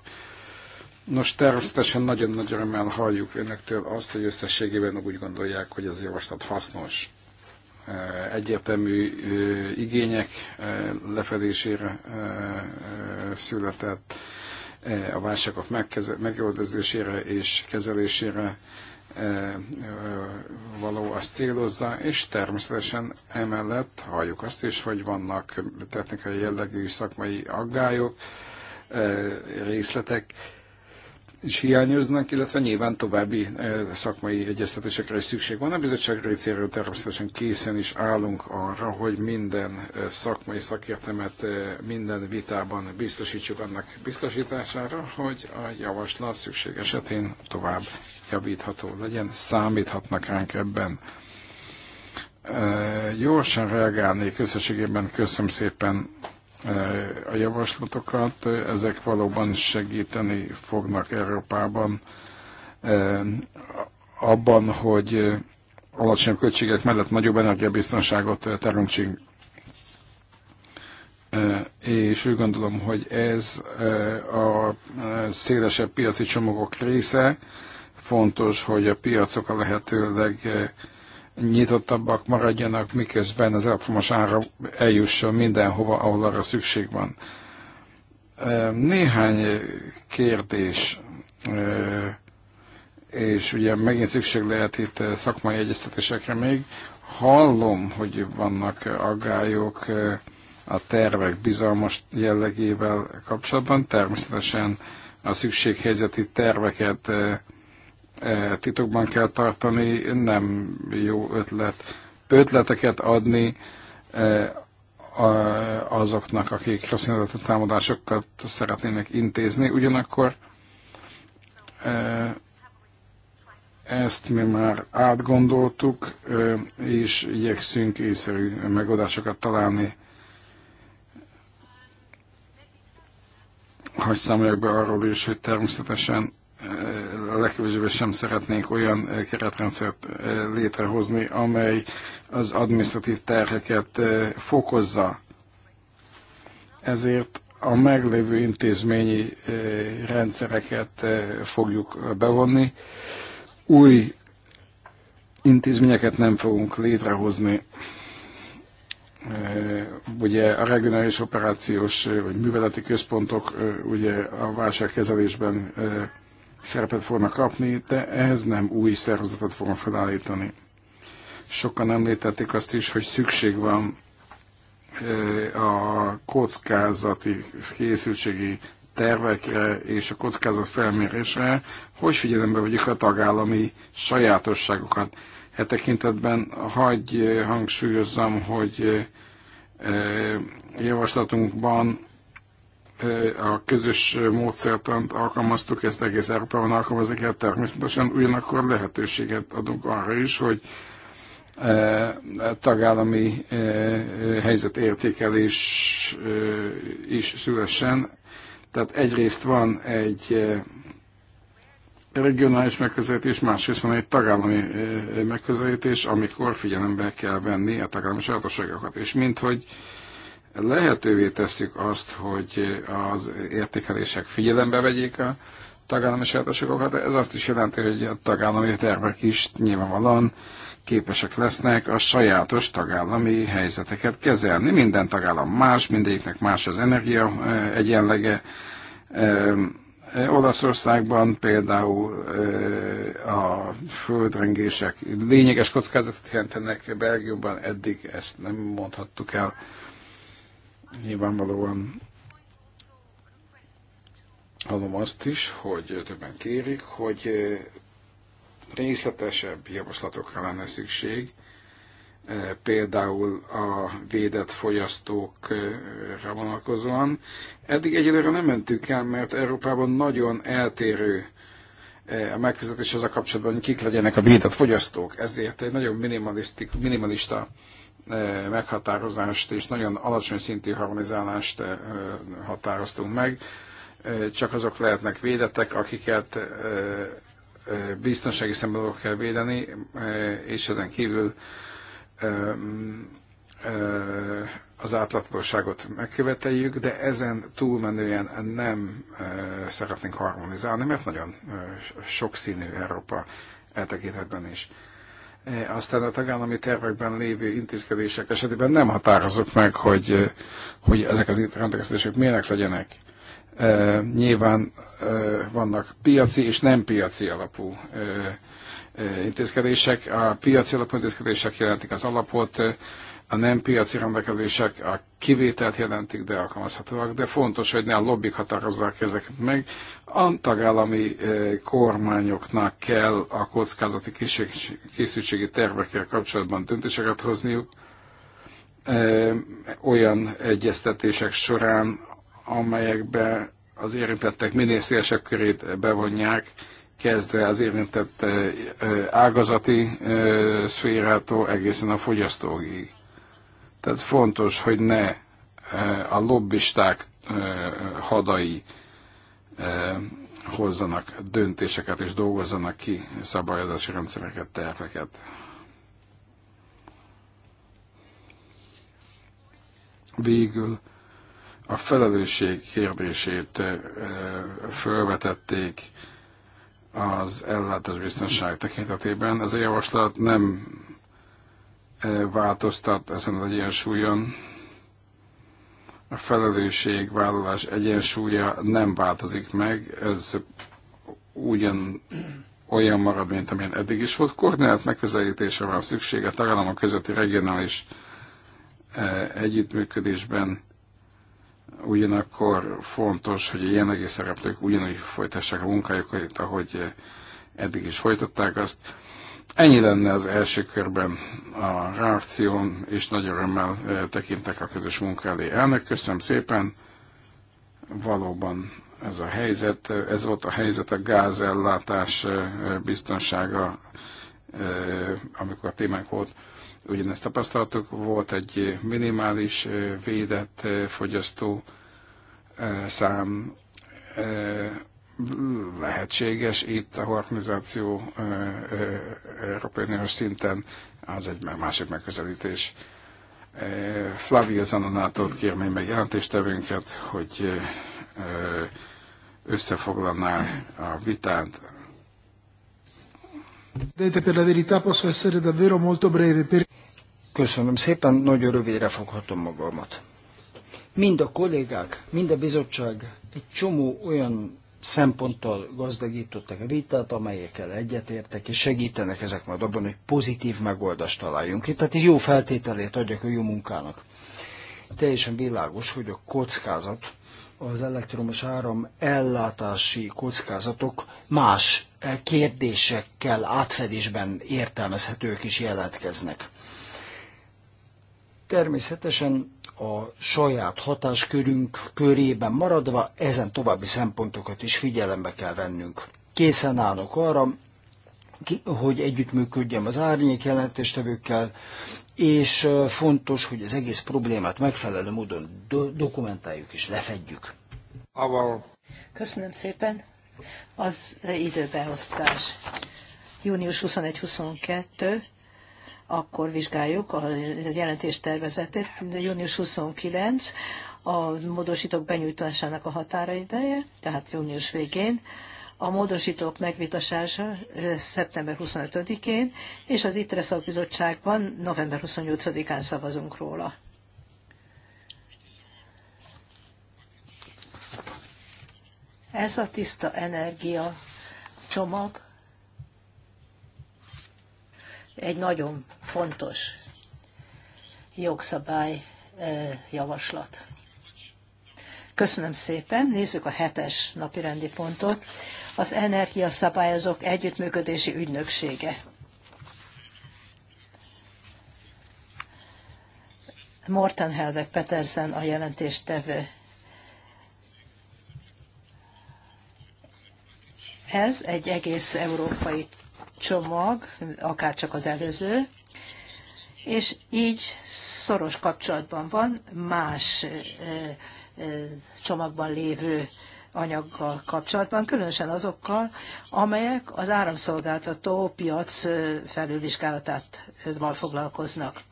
Nos, természetesen nagyon nagy örömmel halljuk önöktől azt, hogy összességében úgy gondolják, hogy az javaslat hasznos. Eh, egyértelmű eh, igények eh, lefedésére született, a válságok megoldására és kezelésére való azt célozza, és természetesen emellett halljuk azt is, hogy vannak technikai jellegű szakmai aggályok, részletek, is hiányoznak, illetve nyilván további eh, szakmai egyeztetésekre is szükség van. A bizottság részéről természetesen készen is állunk arra, hogy minden eh, szakmai szakértelmet eh, minden vitában biztosítsuk annak biztosítására, hogy a javaslat szükség esetén tovább javítható legyen, számíthatnak ránk ebben. Gyorsan reagálnék összességében, köszönöm szépen a javaslatokat. Ezek valóban segíteni fognak Európában abban, hogy alacsonyabb költségek mellett nagyobb energiabiztonságot teremtsünk. És úgy gondolom, hogy ez a szélesebb piaci csomagok része. Fontos, hogy a piacok a lehető nyitottabbak maradjanak, miközben az elektromos áram eljusson mindenhova, ahol arra szükség van. Néhány kérdés, és ugye megint szükség lehet itt szakmai egyeztetésekre még. Hallom, hogy vannak aggályok a tervek bizalmas jellegével kapcsolatban. Természetesen a szükséghelyzeti terveket E, titokban kell tartani, nem jó ötlet ötleteket adni e, azoknak, akik rasszínetetlen támadásokat szeretnének intézni. Ugyanakkor e, ezt mi már átgondoltuk, és igyekszünk észszerű megoldásokat találni. Hagy számoljak be arról is, hogy természetesen legkevésbé sem szeretnénk olyan eh, keretrendszert eh, létrehozni, amely az administratív terheket eh, fokozza. Ezért a meglévő intézményi rendszereket fogjuk bevonni. Új intézményeket nem fogunk létrehozni. Ugye a regionális operációs vagy műveleti központok ugye a válságkezelésben szerepet fognak kapni, de ehhez nem új szervezetet fogom felállítani. Sokan említették azt is, hogy szükség van a kockázati készültségi tervekre és a kockázat felmérésre, hogy figyelembe vegyük a tagállami sajátosságokat. E tekintetben hagy hangsúlyozzam, hogy javaslatunkban a közös módszertant alkalmaztuk, ezt egész Európában alkalmazni kell természetesen, ugyanakkor lehetőséget adunk arra is, hogy tagállami helyzetértékelés is szülessen. Tehát egyrészt van egy regionális megközelítés, másrészt van egy tagállami megközelítés, amikor figyelembe kell venni a tagállami sajátosságokat. És mint hogy lehetővé tesszük azt, hogy az értékelések figyelembe vegyék a tagállami sajátosokat, ez azt is jelenti, hogy a tagállami tervek is nyilvánvalóan képesek lesznek a sajátos tagállami helyzeteket kezelni. Minden tagállam más, mindegyiknek más az energia egyenlege. Olaszországban például a földrengések lényeges kockázatot jelentenek, Belgiumban eddig ezt nem mondhattuk el Nyilvánvalóan hallom azt is, hogy többen kérik, hogy részletesebb javaslatokra lenne szükség, például a védett fogyasztókra vonatkozóan. Eddig egyelőre nem mentük el, mert Európában nagyon eltérő a megközelítés az a kapcsolatban, hogy kik legyenek a védett fogyasztók. Ezért egy nagyon minimalista Eh, meghatározást és nagyon alacsony szintű harmonizálást eh, határoztunk meg. Eh, csak azok lehetnek védettek, akiket biztonsági szempontból kell védeni, és ezen kívül az átláthatóságot megköveteljük, de ezen túlmenően nem szeretnénk harmonizálni, mert nagyon sokszínű Európa eltekintetben is. E, aztán a tagállami tervekben lévő intézkedések esetében nem határozok meg, hogy, e, hogy ezek az rendelkezések milyenek legyenek. E, nyilván vannak piaci és nem piaci alapú intézkedések. A piaci alapú intézkedések jelentik az alapot, a nem piaci rendelkezések a kivételt jelentik, de alkalmazhatóak, de fontos, hogy ne a lobbik határozzák ezeket meg. A tagállami eh, kormányoknak kell a kockázati készültségi tervekkel kapcsolatban döntéseket hozniuk, eh, olyan egyeztetések során, amelyekbe az érintettek minél szélesebb körét bevonják, kezdve az érintett eh, ágazati szférától egészen a fogyasztóig. Tehát fontos, hogy ne eh, a lobbisták eh, hadai eh, hozzanak döntéseket és dolgozzanak ki szabályozási rendszereket, terveket. Végül a felelősség kérdését felvetették az ellátásbiztonság tekintetében. Ez a javaslat nem E, változtat ezen az egyensúlyon. A felelősségvállalás egyensúlya nem változik meg, ez ugyan olyan marad, mint amilyen eddig is volt. Koordinált megközelítésre van szükség a tagállamok közötti regionális e, együttműködésben. Ugyanakkor fontos, hogy a jelenlegi szereplők ugyanúgy folytassák a munkájukat, ahogy eddig is folytatták azt. Ennyi lenne az első körben a reakción, és nagy örömmel eh, tekintek a közös munka elé. Elnök, köszönöm szépen, valóban ez a helyzet, eh, ez volt a helyzet a gázellátás eh, biztonsága, amikor a témák volt, ugyanezt tapasztaltuk, volt egy minimális védett fogyasztó szám, lehetséges itt a harmonizáció Európai Uniós szinten, az egy másik megközelítés. Flavio Zanonától kérném meg jelentéstevőnket, hogy összefoglalná a vitát. Köszönöm szépen, nagyon rövidre foghatom magamat. Mind a kollégák, mind a bizottság egy csomó olyan szemponttal gazdagítottak a vitát, amelyekkel egyetértek, és segítenek ezek majd abban, hogy pozitív megoldást találjunk. Itt, tehát jó feltételét adjak a jó munkának. Teljesen világos, hogy a kockázat, az elektromos áram ellátási kockázatok más kérdésekkel átfedésben értelmezhetők is jelentkeznek. Természetesen a saját hatáskörünk körében maradva ezen további szempontokat is figyelembe kell vennünk. Készen állok arra, hogy együttműködjem az árnyék jelentéstevőkkel, és fontos, hogy az egész problémát megfelelő módon do- dokumentáljuk és lefedjük. Aval. Köszönöm szépen. Az időbeosztás. Június 21-22 akkor vizsgáljuk a jelentés tervezetét. Június 29 a módosítók benyújtásának a határaideje, tehát június végén, a módosítók megvitasása szeptember 25-én, és az ITRE szakbizottságban november 28-án szavazunk róla. Ez a tiszta energia csomag egy nagyon fontos jogszabály javaslat. Köszönöm szépen. Nézzük a hetes napi rendi pontot. Az energiaszabályozók együttműködési ügynöksége. Morten Helvek Petersen a jelentéstevő. Ez egy egész európai csomag, akár csak az előző, és így szoros kapcsolatban van más csomagban lévő anyaggal kapcsolatban, különösen azokkal, amelyek az áramszolgáltató piac felülvizsgálatával foglalkoznak.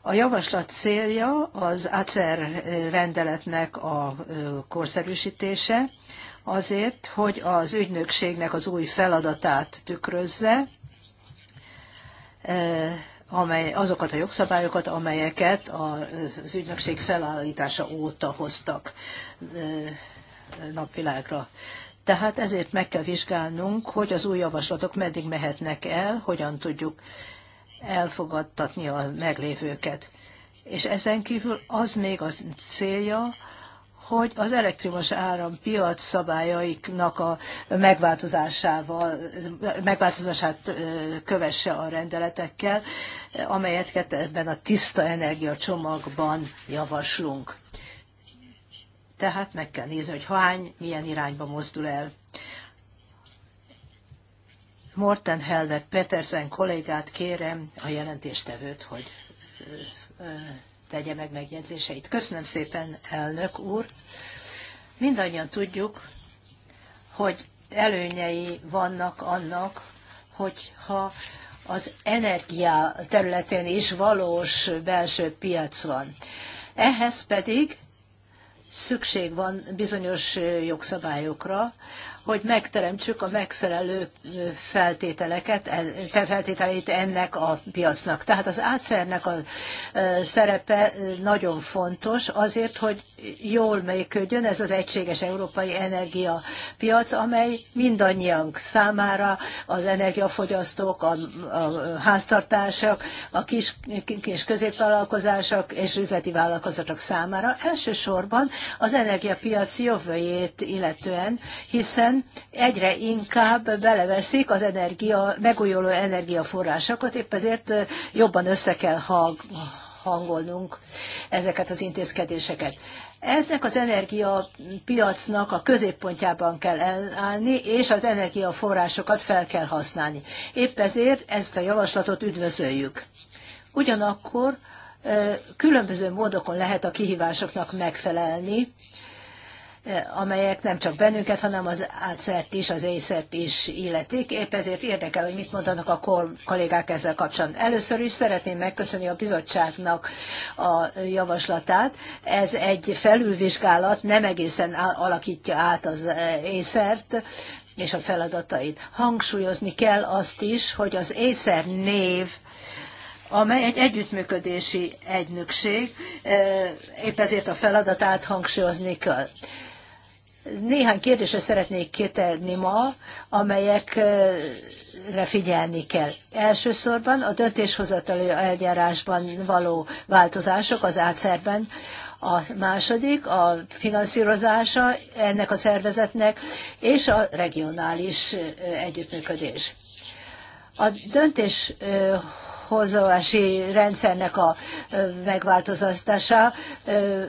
A javaslat célja az ACER rendeletnek a korszerűsítése, azért, hogy az ügynökségnek az új feladatát tükrözze, eh, amely, azokat a jogszabályokat, amelyeket az ügynökség felállítása óta hoztak eh, napvilágra. Tehát ezért meg kell vizsgálnunk, hogy az új javaslatok meddig mehetnek el, hogyan tudjuk elfogadtatni a meglévőket. És ezen kívül az még a célja, hogy az elektromos árampiac szabályaiknak a megváltozásával, megváltozását kövesse a rendeletekkel, amelyet ebben a tiszta energia csomagban javaslunk. Tehát meg kell nézni, hogy hány, milyen irányba mozdul el. Morten Helvet Petersen kollégát kérem, a jelentéstevőt, hogy tegye meg megjegyzéseit. Köszönöm szépen, elnök úr. Mindannyian tudjuk, hogy előnyei vannak annak, hogyha az energia területén is valós belső piac van. Ehhez pedig szükség van bizonyos jogszabályokra, hogy megteremtsük a megfelelő feltételeket, feltételeit ennek a piacnak. Tehát az ászernek a szerepe nagyon fontos azért, hogy jól működjön, ez az egységes európai energiapiac, amely mindannyiunk számára az energiafogyasztók, a, a háztartások, a kis, kis középvállalkozások és üzleti vállalkozások számára elsősorban az energiapiac jövőjét illetően, hiszen egyre inkább beleveszik az energia, megújuló energiaforrásokat, épp ezért jobban össze kell ha, hangolnunk ezeket az intézkedéseket. Ennek az energiapiacnak a középpontjában kell állni, és az energiaforrásokat fel kell használni. Épp ezért ezt a javaslatot üdvözöljük. Ugyanakkor különböző módokon lehet a kihívásoknak megfelelni, amelyek nem csak bennünket, hanem az átszert is, az észert is illetik. Épp ezért érdekel, hogy mit mondanak a kollégák ezzel kapcsolatban. Először is szeretném megköszönni a bizottságnak a javaslatát. Ez egy felülvizsgálat, nem egészen alakítja át az észert, és a feladatait. Hangsúlyozni kell azt is, hogy az észer név amely egy együttműködési egynökség, e, épp ezért a feladatát hangsúlyozni kell. Néhány kérdésre szeretnék kitérni ma, amelyekre figyelni kell. Elsősorban a döntéshozatali eljárásban való változások az átszerben, a második a finanszírozása ennek a szervezetnek, és a regionális együttműködés. A döntés adóhozási rendszernek a megváltoztatása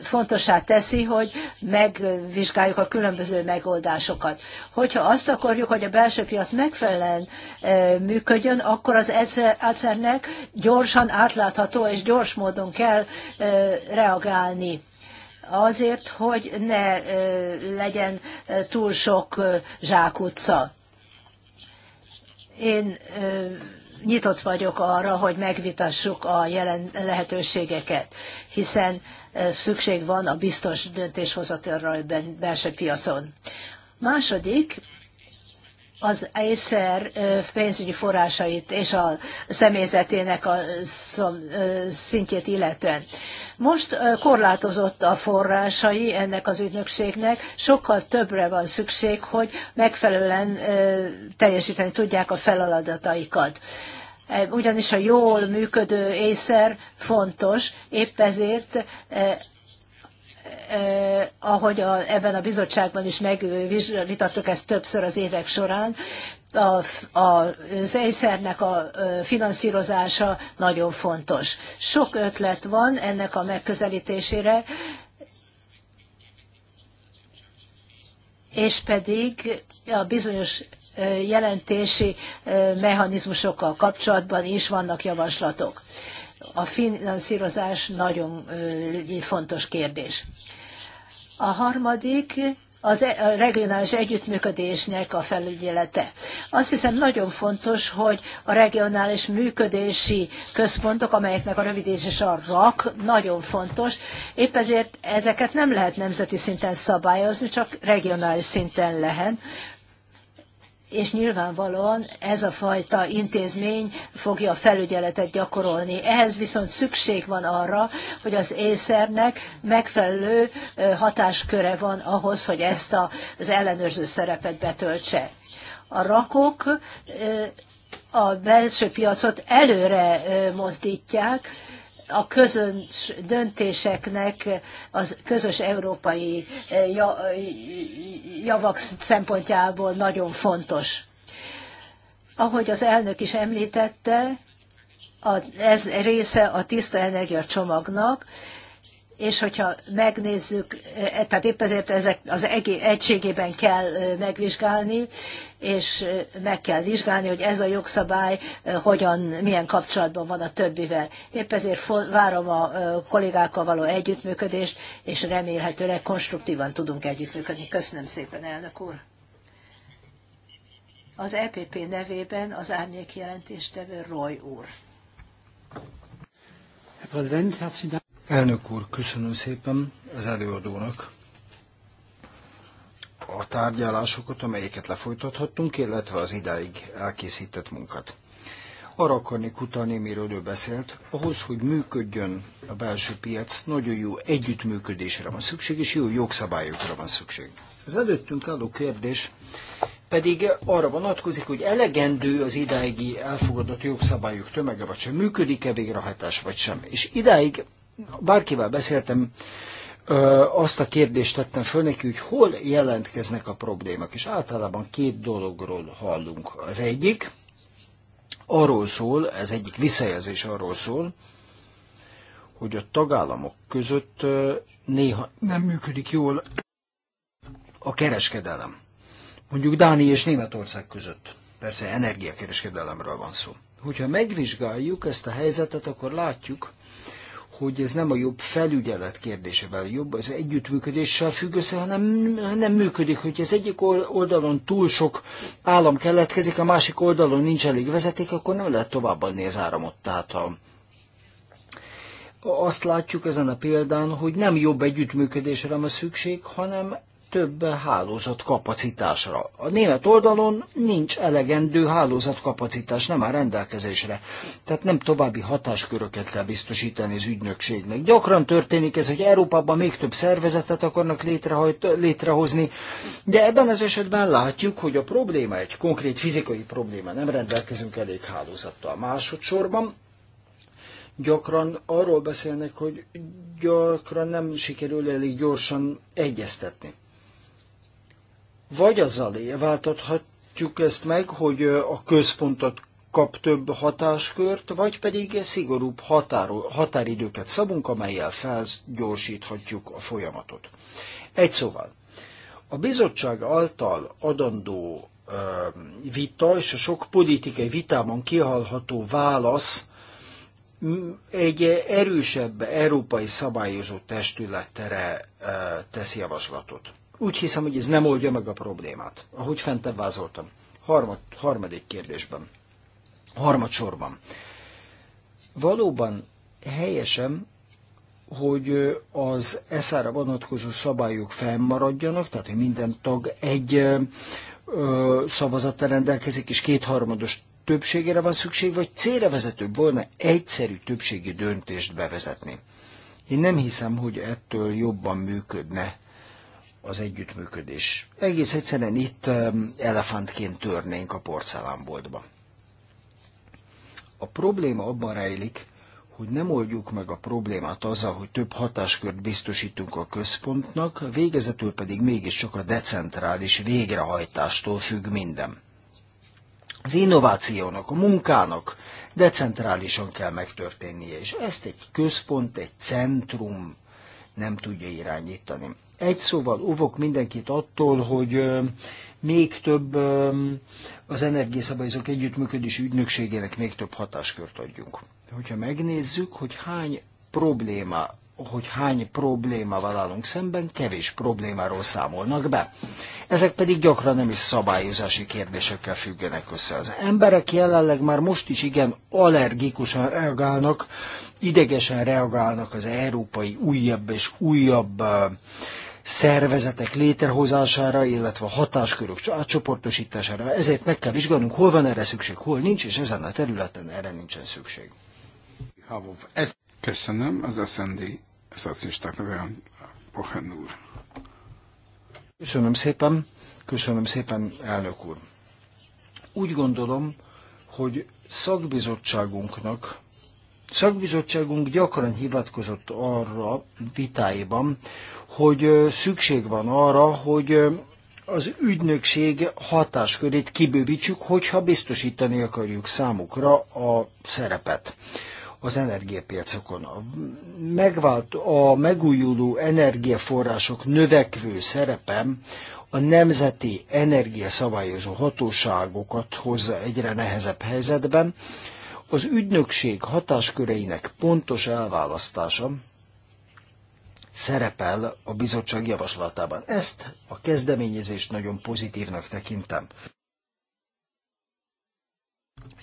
fontosá teszi, hogy megvizsgáljuk a különböző megoldásokat. Hogyha azt akarjuk, hogy a belső piac megfelelően működjön, akkor az egyszernek gyorsan átlátható és gyors módon kell reagálni azért, hogy ne legyen túl sok zsákutca. Én nyitott vagyok arra, hogy megvitassuk a jelen lehetőségeket, hiszen e, szükség van a biztos döntéshozatalra belső piacon. Második, az észer pénzügyi forrásait és a személyzetének a szintjét illetően. Most korlátozott a forrásai ennek az ügynökségnek, sokkal többre van szükség, hogy megfelelően teljesíteni tudják a feladataikat e, ugyanis a jól működő észer fontos, épp ezért Eh, ahogy a, ebben a bizottságban is megvitattuk ezt többször az évek során, a, a, az eh, a finanszírozása nagyon fontos. Sok ötlet van ennek a megközelítésére, és pedig a bizonyos eh, jelentési mechanizmusokkal kapcsolatban is vannak javaslatok a finanszírozás nagyon fontos kérdés. A harmadik az e, a regionális együttműködésnek a felügyelete. Azt hiszem nagyon fontos, hogy a regionális működési központok, amelyeknek a rövidítés a RAK, nagyon fontos. Épp ezért ezeket nem lehet nemzeti szinten szabályozni, csak regionális szinten lehet és nyilvánvalóan ez a fajta intézmény fogja a felügyeletet gyakorolni. Ehhez viszont szükség van arra, hogy az észernek megfelelő hatásköre van ahhoz, hogy ezt az ellenőrző szerepet betöltse. A rakok a belső piacot előre mozdítják, a közös döntéseknek az közös európai eh, javak szempontjából nagyon fontos. Ahogy az elnök is említette, ez része a tiszta energiacsomagnak, csomagnak, és hogyha megnézzük, e, tehát épp ezért ezek az egységében kell e, megvizsgálni, és e, meg kell vizsgálni, hogy ez a jogszabály hogyan, milyen kapcsolatban van a többivel. Épp ezért várom a kollégákkal való együttműködést, és remélhetőleg konstruktívan tudunk együttműködni. Köszönöm szépen, elnök úr! Az EPP nevében az árnyék jelentéstevő Roy úr. Herr Präsident, herzlichen Elnök úr, köszönöm szépen az előadónak a tárgyalásokat, amelyeket lefolytathattunk, illetve az idáig elkészített munkát. Arra akarnék utalni, miről ő beszélt, ahhoz, hogy működjön a belső piac, nagyon jó együttműködésre van szükség, és jó jogszabályokra van szükség. Az előttünk álló kérdés pedig arra vonatkozik, hogy elegendő az idáigi elfogadott jogszabályok tömege, vagy sem működik-e végrehajtás, vagy sem. És idáig bárkivel beszéltem, azt a kérdést tettem föl neki, hogy hol jelentkeznek a problémák, és általában két dologról hallunk. Az egyik arról szól, ez egyik visszajelzés arról szól, hogy a tagállamok között néha nem működik jól a kereskedelem. Mondjuk Dánia és Németország között. Persze energiakereskedelemről van szó. Hogyha megvizsgáljuk ezt a helyzetet, akkor látjuk, hogy ez nem a jobb felügyelet kérdésével, jobb az együttműködéssel függ össze, hanem nem működik, hogy az egyik oldalon túl sok állam keletkezik, a másik oldalon nincs elég vezeték, akkor nem lehet továbbadni az áramot. Tehát a, azt látjuk ezen a példán, hogy nem jobb együttműködésre van szükség, hanem több hálózat kapacitásra. A német oldalon nincs elegendő hálózat kapacitás, nem áll rendelkezésre. Tehát nem további hatásköröket kell biztosítani az ügynökségnek. Gyakran történik ez, hogy Európában még több szervezetet akarnak létrehajt, létrehozni, de ebben az esetben látjuk, hogy a probléma egy konkrét fizikai probléma, nem rendelkezünk elég hálózattal. Másodszorban gyakran arról beszélnek, hogy gyakran nem sikerül elég gyorsan egyeztetni. Vagy azzal váltathatjuk ezt meg, hogy a központot kap több hatáskört, vagy pedig szigorúbb határo, határidőket szabunk, amelyel felgyorsíthatjuk a folyamatot. Egy szóval, a bizottság által adandó vita és a sok politikai vitában kihalható válasz egy erősebb európai szabályozó testületre tesz javaslatot. Úgy hiszem, hogy ez nem oldja meg a problémát, ahogy fentebb vázoltam. Harmad, harmadik kérdésben, harmadsorban. Valóban helyesem, hogy az eszára vonatkozó szabályok fennmaradjanak, tehát hogy minden tag egy szavazattal rendelkezik, és kétharmados többségére van szükség, vagy célra vezetőbb volna egyszerű többségi döntést bevezetni. Én nem hiszem, hogy ettől jobban működne az együttműködés. Egész egyszerűen itt elefántként törnénk a porcelánboltba. A probléma abban rejlik, hogy nem oldjuk meg a problémát azzal, hogy több hatáskört biztosítunk a központnak, végezetül pedig mégiscsak a decentrális végrehajtástól függ minden. Az innovációnak, a munkának decentrálisan kell megtörténnie, és ezt egy központ, egy centrum nem tudja irányítani. Egy szóval óvok mindenkit attól, hogy még több az energiaszabályozók együttműködési ügynökségének még több hatáskört adjunk. Hogyha megnézzük, hogy hány probléma hogy hány problémával állunk szemben, kevés problémáról számolnak be. Ezek pedig gyakran nem is szabályozási kérdésekkel függenek össze. Az emberek jelenleg már most is igen allergikusan reagálnak idegesen reagálnak az európai újabb és újabb szervezetek létrehozására, illetve hatáskörök átcsoportosítására. Ezért meg kell vizsgálnunk, hol van erre szükség, hol nincs, és ezen a területen erre nincsen szükség. Köszönöm, az SND szocialisták neve Pohen úr. Köszönöm szépen, köszönöm szépen, elnök úr. Úgy gondolom, hogy szakbizottságunknak Szakbizottságunk gyakran hivatkozott arra vitáiban, hogy szükség van arra, hogy az ügynökség hatáskörét kibővítsük, hogyha biztosítani akarjuk számukra a szerepet az energiapiacokon. A, megvált, a megújuló energiaforrások növekvő szerepe a nemzeti energiaszabályozó hatóságokat hozza egyre nehezebb helyzetben, az ügynökség hatásköreinek pontos elválasztása szerepel a bizottság javaslatában. Ezt a kezdeményezést nagyon pozitívnak tekintem.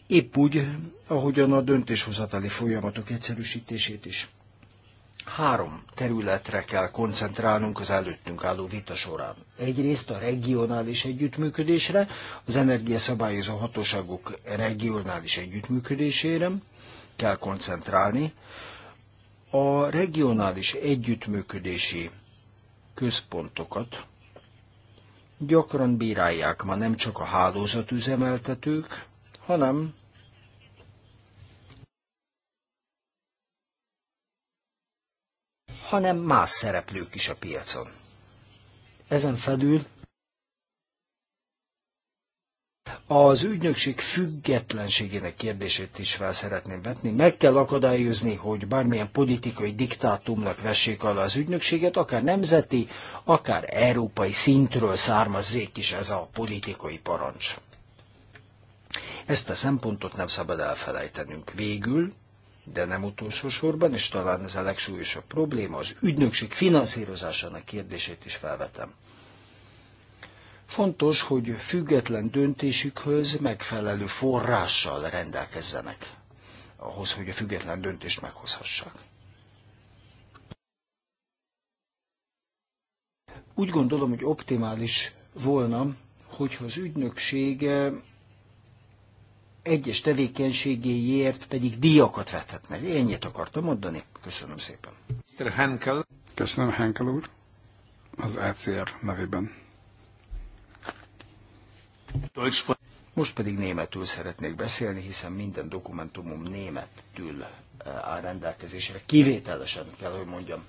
Épp úgy, ahogyan a döntéshozatali folyamatok egyszerűsítését is. Három területre kell koncentrálnunk az előttünk álló vita során. Egyrészt a regionális együttműködésre, az energiaszabályozó hatóságok regionális együttműködésére kell koncentrálni. A regionális együttműködési központokat gyakran bírálják ma nem csak a hálózatüzemeltetők, hanem hanem más szereplők is a piacon. Ezen felül az ügynökség függetlenségének kérdését is fel szeretném vetni. Meg kell akadályozni, hogy bármilyen politikai diktátumnak vessék alá az ügynökséget, akár nemzeti, akár európai szintről származzék is ez a politikai parancs. Ezt a szempontot nem szabad elfelejtenünk. Végül de nem utolsó sorban, és talán ez a legsúlyosabb probléma, az ügynökség finanszírozásának kérdését is felvetem. Fontos, hogy független döntésükhöz megfelelő forrással rendelkezzenek, ahhoz, hogy a független döntést meghozhassák. Úgy gondolom, hogy optimális volna, hogyha az ügynökség egyes tevékenységéért pedig díjakat vethetnek. Ennyit akartam mondani. Köszönöm szépen. Mr. Henkel. Köszönöm, Henkel úr. Az ECR nevében. Most pedig németül szeretnék beszélni, hiszen minden dokumentumom németül eh, áll rendelkezésre. Kivételesen kell, hogy mondjam.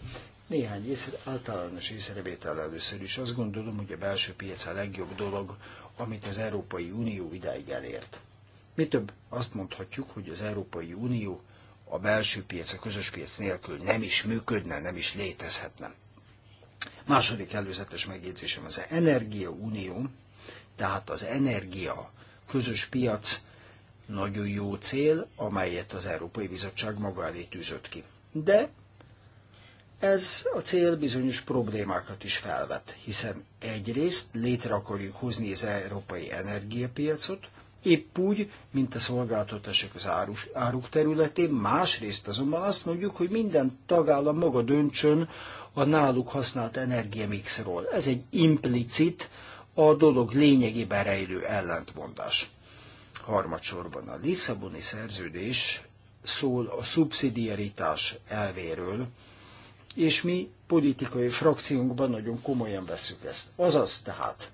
Néhány észre, általános észrevétel először is. Azt gondolom, hogy a belső piac a legjobb dolog, amit az Európai Unió idáig elért mi több, azt mondhatjuk, hogy az Európai Unió a belső piac, a közös piac nélkül nem is működne, nem is létezhetne. Második előzetes megjegyzésem az Energia Unió, tehát az energia közös piac nagyon jó cél, amelyet az Európai Bizottság maga elé tűzött ki. De ez a cél bizonyos problémákat is felvet, hiszen egyrészt létre akarjuk hozni az európai energiapiacot, épp úgy, mint a szolgáltatások az áru áruk területén, másrészt azonban azt mondjuk, hogy minden tagállam maga döntsön a náluk használt energiamixról. Ez egy implicit, a dolog lényegében rejlő ellentmondás. Harmadsorban a Lisszaboni szerződés szól a szubszidiaritás elvéről, és mi politikai frakciónkban nagyon komolyan veszük ezt. Azaz tehát,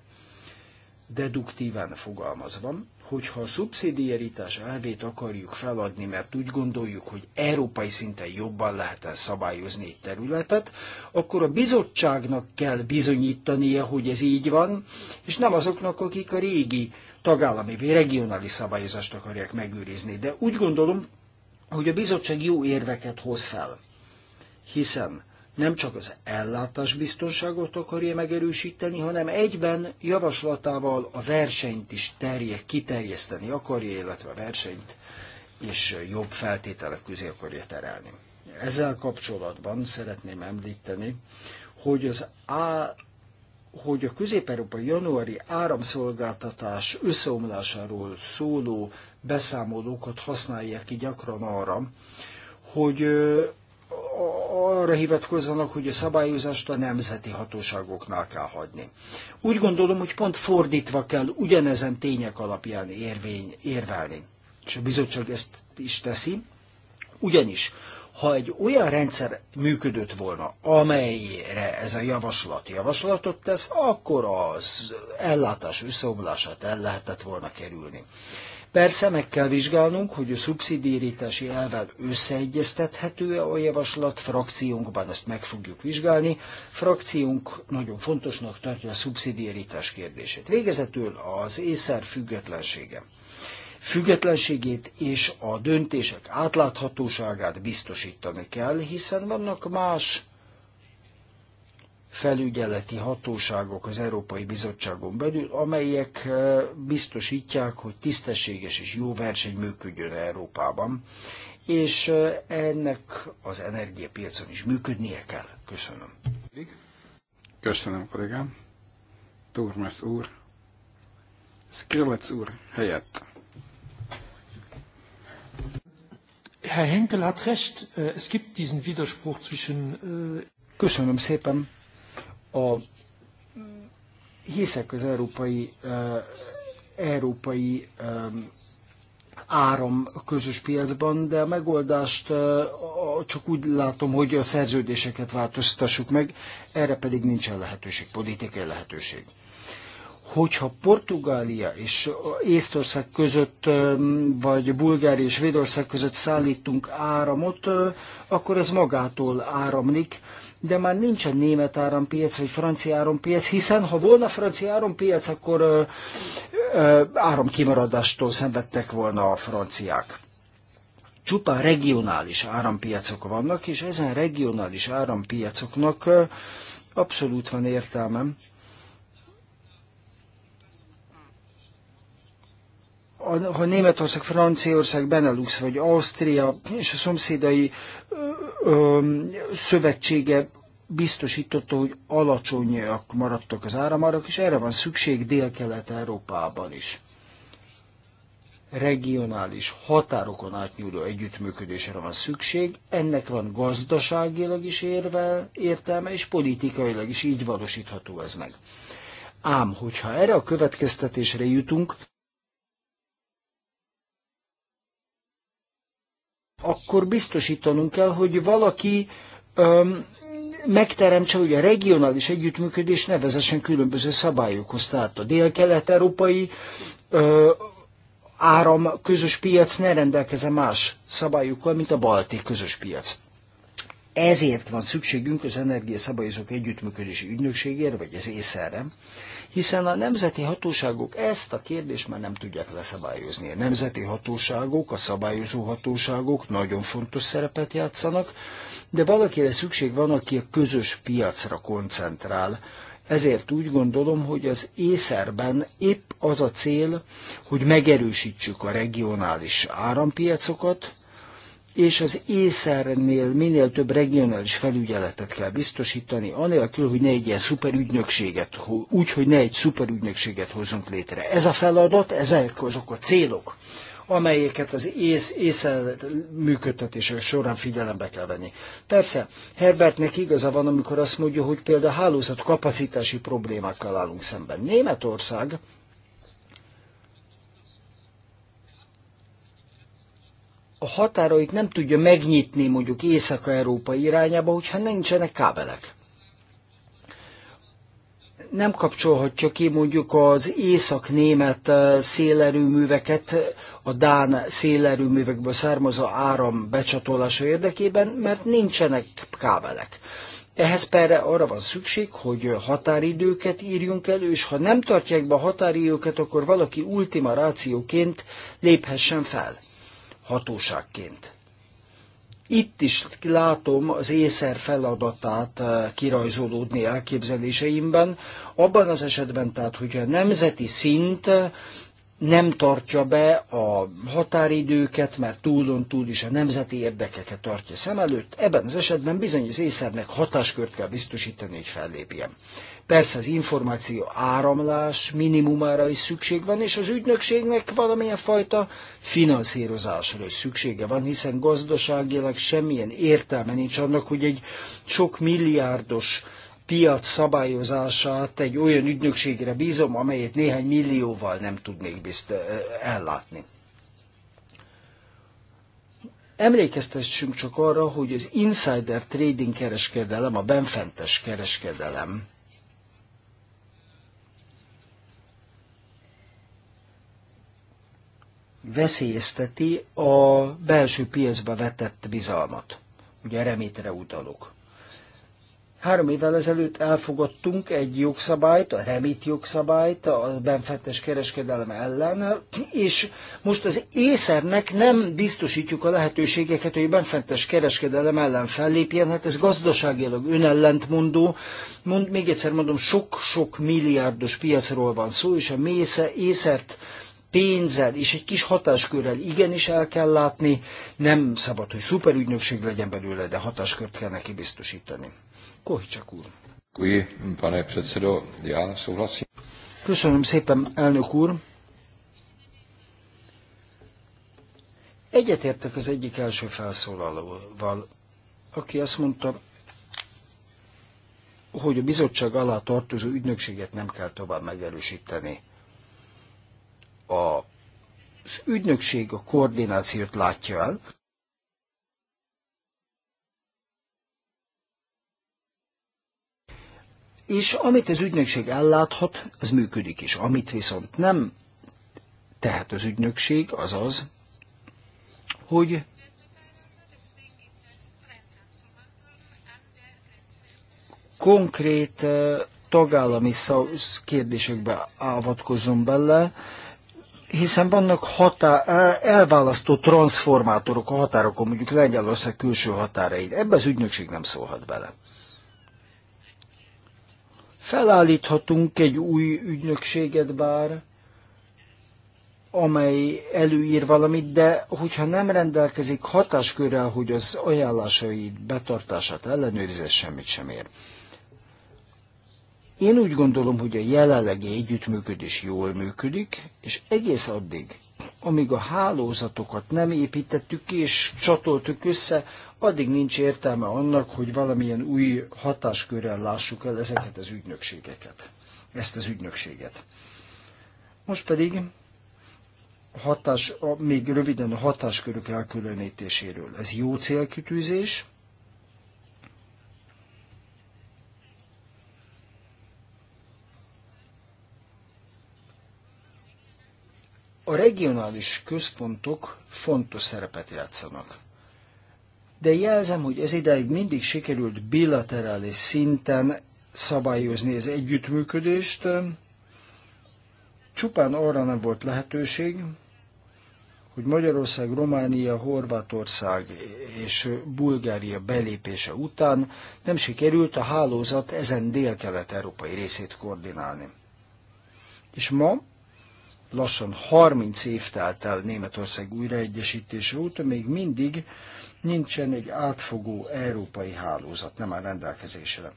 deduktíven fogalmazva, hogyha a szubszidiaritás elvét akarjuk feladni, mert úgy gondoljuk, hogy európai szinten jobban lehet el szabályozni egy területet, akkor a bizottságnak kell bizonyítania, hogy ez így van, és nem azoknak, akik a régi tagállami vagy regionális szabályozást akarják megőrizni. De úgy gondolom, hogy a bizottság jó érveket hoz fel, hiszen nem csak az ellátás biztonságot akarja megerősíteni, hanem egyben javaslatával a versenyt is terje, kiterjeszteni akarja, illetve a versenyt és jobb feltételek közé akarja terelni. Ezzel kapcsolatban szeretném említeni, hogy az á, hogy a közép-európai januári áramszolgáltatás összeomlásáról szóló beszámolókat használják ki gyakran arra, hogy arra hivatkozzanak, hogy a szabályozást a nemzeti hatóságoknál kell hagyni. Úgy gondolom, hogy pont fordítva kell ugyanezen tények alapján érvény, érvelni. És a bizottság ezt is teszi. Ugyanis, ha egy olyan rendszer működött volna, amelyre ez a javaslat javaslatot tesz, akkor az ellátás összeomlását el lehetett volna kerülni. Persze meg kell vizsgálnunk, hogy a szubszidírítási elvel összeegyeztethető-e a javaslat, frakciónkban ezt meg fogjuk vizsgálni. Frakciónk nagyon fontosnak tartja a szubszidírítás kérdését. Végezetül az észer függetlensége függetlenségét és a döntések átláthatóságát biztosítani kell, hiszen vannak más felügyeleti hatóságok az Európai Bizottságon belül, amelyek eh, biztosítják, hogy tisztességes és jó verseny működjön Európában, és eh, ennek az energiapiacon is működnie kell. Köszönöm. Köszönöm, kollégám. Turmes úr, Skrillec úr helyett. Herr Henkel hat recht, eh, es gibt diesen Widerspruch zwischen... Köszönöm szépen a mm, hiszek az európai, európai áram közös piacban, de a megoldást csak úgy látom, hogy a szerződéseket változtassuk meg, erre pedig nincsen lehetőség, politikai lehetőség. Hogyha Portugália és Észtország között, vagy Bulgária és Védország között szállítunk áramot, akkor ez magától áramlik, de már nincsen német árampiac vagy francia árampiac, hiszen ha volna francia árampiac, akkor áramkimaradástól szenvedtek volna a franciák. Csupán regionális árampiacok vannak, és ezen regionális árampiacoknak ö, abszolút van értelmem, ha Németország, Franciaország, Benelux vagy Ausztria és a szomszédai ö, ö, szövetsége biztosította, hogy alacsonyak maradtak az áramarak, és erre van szükség Dél-Kelet-Európában is. Regionális, határokon átnyúló együttműködésre van szükség, ennek van gazdaságilag is érve, értelme, és politikailag is így valósítható ez meg. Ám, hogyha erre a következtetésre jutunk, akkor biztosítanunk kell, hogy valaki öm, megteremtse, hogy a regionális együttműködés nevezesen különböző szabályokhoz. Tehát a dél-kelet-európai áram közös piac ne rendelkeze más szabályokkal, mint a balti közös piac ezért van szükségünk az energiaszabályozók együttműködési ügynökségére, vagy az észre, hiszen a nemzeti hatóságok ezt a kérdést már nem tudják leszabályozni. A nemzeti hatóságok, a szabályozó hatóságok nagyon fontos szerepet játszanak, de valakire szükség van, aki a közös piacra koncentrál. Ezért úgy gondolom, hogy az észerben épp az a cél, hogy megerősítsük a regionális árampiacokat, és az észernél minél több regionális felügyeletet kell biztosítani, anélkül, hogy ne egy ilyen szuperügynökséget, úgy, hogy ne egy szuperügynökséget hozunk létre. Ez a feladat, ezek azok a célok, amelyeket az ész, észel működtetése során figyelembe kell venni. Persze, Herbertnek igaza van, amikor azt mondja, hogy például hálózat kapacitási problémákkal állunk szemben. Németország a határait nem tudja megnyitni mondjuk Észak-Európa irányába, hogyha nincsenek kábelek. Nem kapcsolhatja ki mondjuk az észak-német eh, szélerőműveket a Dán szélerőművekből származó áram becsatolása érdekében, mert nincsenek kábelek. Ehhez perre arra van szükség, hogy határidőket írjunk elő, és ha nem tartják be a határidőket, akkor valaki ultima rációként léphessen fel hatóságként. Itt is látom az észer feladatát eh, kirajzolódni elképzeléseimben, abban az esetben tehát, hogy a nemzeti szint eh, nem tartja be a határidőket, mert túlon túl is a nemzeti érdekeket tartja szem előtt, ebben az esetben bizony az észernek hatáskört kell biztosítani, hogy fellépjen. Persze az információ áramlás minimumára is szükség van, és az ügynökségnek valamilyen fajta finanszírozásra is szüksége van, hiszen gazdaságilag semmilyen értelme nincs annak, hogy egy sok milliárdos piac szabályozását egy olyan ügynökségre bízom, amelyet néhány millióval nem tudnék bizt eh, ellátni. Emlékeztessünk csak arra, hogy az insider trading kereskedelem, a benfentes kereskedelem veszélyezteti a belső piacba vetett bizalmat. Ugye remétre utalok. Három évvel ezelőtt elfogadtunk egy jogszabályt, a remit jogszabályt a benfettes kereskedelem ellen, és most az észernek nem biztosítjuk a lehetőségeket, hogy a benfettes kereskedelem ellen fellépjen, hát ez gazdaságilag önellentmondó. Mond, még egyszer mondom, sok-sok milliárdos piacról van szó, és a mésze észert pénzzel és egy kis hatáskörrel igenis el kell látni, nem szabad, hogy szuperügynökség legyen belőle, de hatáskört kell neki biztosítani. Kohicsak úr. Köszönöm szépen, elnök úr. Egyetértek az egyik első felszólalóval, aki azt mondta, hogy a bizottság alá tartozó ügynökséget nem kell tovább megerősíteni az ügynökség a koordinációt látja el, és amit az ügynökség elláthat, az működik is. Amit viszont nem tehet az ügynökség, az az, hogy konkrét eh, tagállami kérdésekbe avatkozom bele, hiszen vannak hatá- elválasztó transformátorok a határokon, mondjuk Lengyelország külső határaid. Ebbe az ügynökség nem szólhat bele. Felállíthatunk egy új ügynökséget bár, amely előír valamit, de hogyha nem rendelkezik hatáskörrel, hogy az ajánlásait betartását ellenőrizze, semmit sem ér. Én úgy gondolom, hogy a jelenlegi együttműködés jól működik, és egész addig, amíg a hálózatokat nem építettük ki és csatoltuk össze, addig nincs értelme annak, hogy valamilyen új hatáskörrel lássuk el ezeket az ügynökségeket, ezt az ügynökséget. Most pedig a hatás, a, még röviden a hatáskörök elkülönítéséről. Ez jó célkütűzés, A regionális központok fontos szerepet játszanak. De jelzem, hogy ez ideig mindig sikerült bilaterális szinten szabályozni az együttműködést, csupán arra nem volt lehetőség, hogy Magyarország, Románia, Horvátország és Bulgária belépése után nem sikerült a hálózat ezen dél-kelet-európai részét koordinálni. És ma lassan 30 év telt el Németország újraegyesítése óta, még mindig nincsen egy átfogó európai hálózat, nem áll rendelkezésre.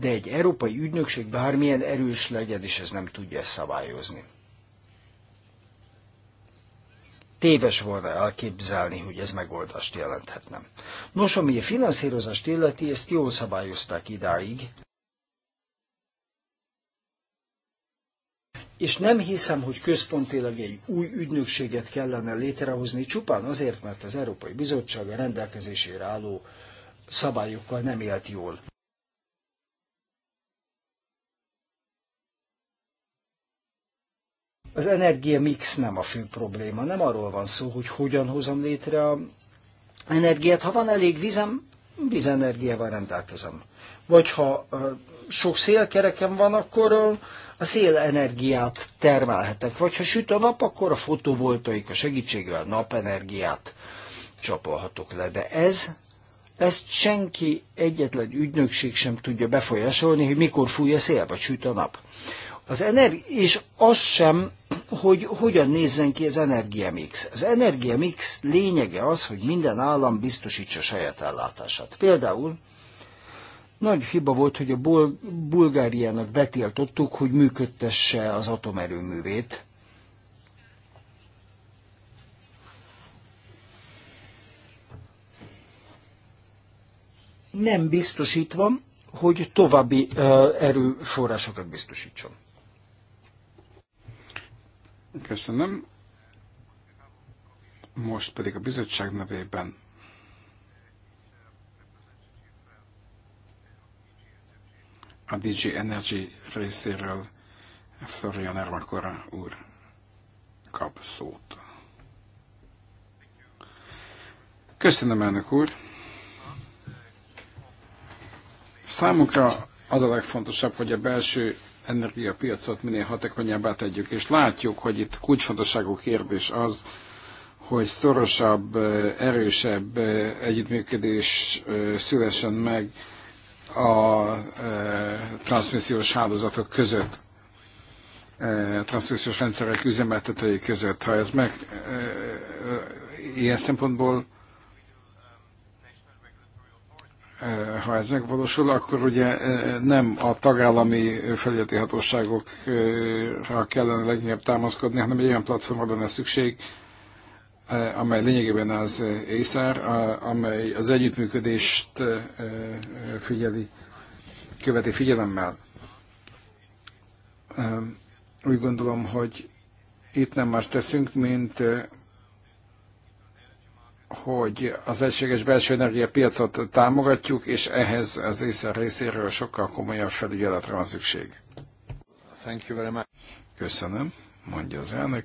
De egy európai ügynökség bármilyen erős legyen, és ez nem tudja ezt szabályozni. Téves volna elképzelni, hogy ez megoldást jelenthetne. Nos, ami a finanszírozást illeti, ezt jól szabályozták idáig, és nem hiszem, hogy központilag egy új ügynökséget kellene létrehozni, csupán azért, mert az Európai Bizottság a rendelkezésére álló szabályokkal nem élt jól. Az energia mix nem a fő probléma, nem arról van szó, hogy hogyan hozom létre a energiát. Ha van elég vizem, vízenergiával rendelkezem. Vagy ha sok szélkereken van, akkor a szélenergiát termelhetek. Vagy ha süt a nap, akkor a a segítségével napenergiát csapolhatok le. De ez, ezt senki egyetlen ügynökség sem tudja befolyásolni, hogy mikor fúj a szél, vagy süt a nap. Az energi- és az sem, hogy hogyan nézzen ki az energiamix. Az energiamix lényege az, hogy minden állam biztosítsa saját ellátását. Például nagy hiba volt, hogy a Bul- Bulgáriának betiltottuk, hogy működtesse az atomerőművét. Nem biztosítva, hogy további uh, erőforrásokat biztosítson. Köszönöm. Most pedig a bizottság nevében a DG Energy részéről Florian Ermakora úr kap szót. Köszönöm, elnök úr! Számukra az a legfontosabb, hogy a belső energiapiacot minél hatékonyabbá tegyük, és látjuk, hogy itt kulcsfontosságú kérdés az, hogy szorosabb, erősebb együttműködés szülesen meg a e, transmissziós hálózatok között, e, transmissziós rendszerek üzemeltetői között. Ha ez meg e, ilyen szempontból ha ez megvalósul, akkor ugye nem a tagállami felületi hatóságokra kellene leginkább támaszkodni, hanem egy olyan platformra lenne szükség, Eh, amely lényegében az eh, észár, amely az együttműködést eh, figyeli, követi figyelemmel. Úgy gondolom, hogy itt nem más teszünk, mint hogy az egységes belső energiapiacot támogatjuk, és ehhez az észre részéről sokkal komolyabb felügyeletre van szükség. Thank you very much. Köszönöm, mondja az elnök.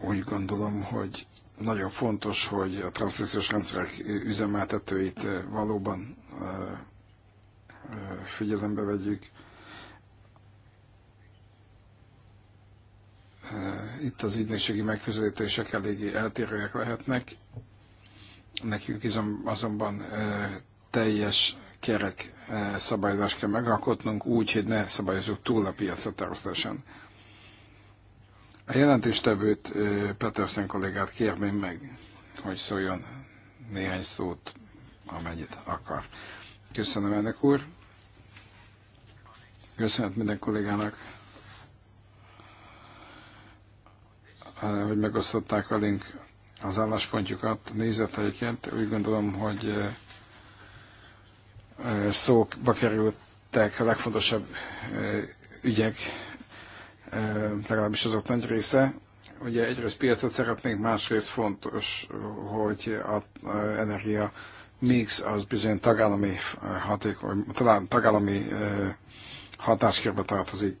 Úgy gondolom, hogy nagyon fontos, hogy a transzmissziós rendszerek üzemeltetőit eh, valóban eh, eh, figyelembe vegyük. Itt az ügynökségi megközelítések eléggé eltérőek lehetnek. Nekünk azonban teljes kerek szabályozást kell megalkotnunk úgy, hogy ne szabályozzuk túl a piacot természetesen. A jelentéstevőt, Petersen kollégát kérném meg, hogy szóljon néhány szót, amennyit akar. Köszönöm ennek úr. Köszönet minden kollégának, hogy megosztották velünk az álláspontjukat, nézeteiket. Úgy gondolom, hogy szóba kerültek a legfontosabb ügyek, legalábbis azok nagy része. Ugye egyrészt piacot szeretnénk, másrészt fontos, hogy a energia mix az bizony tagállami, hatékony, talán tagállami hatáskörbe tartozik.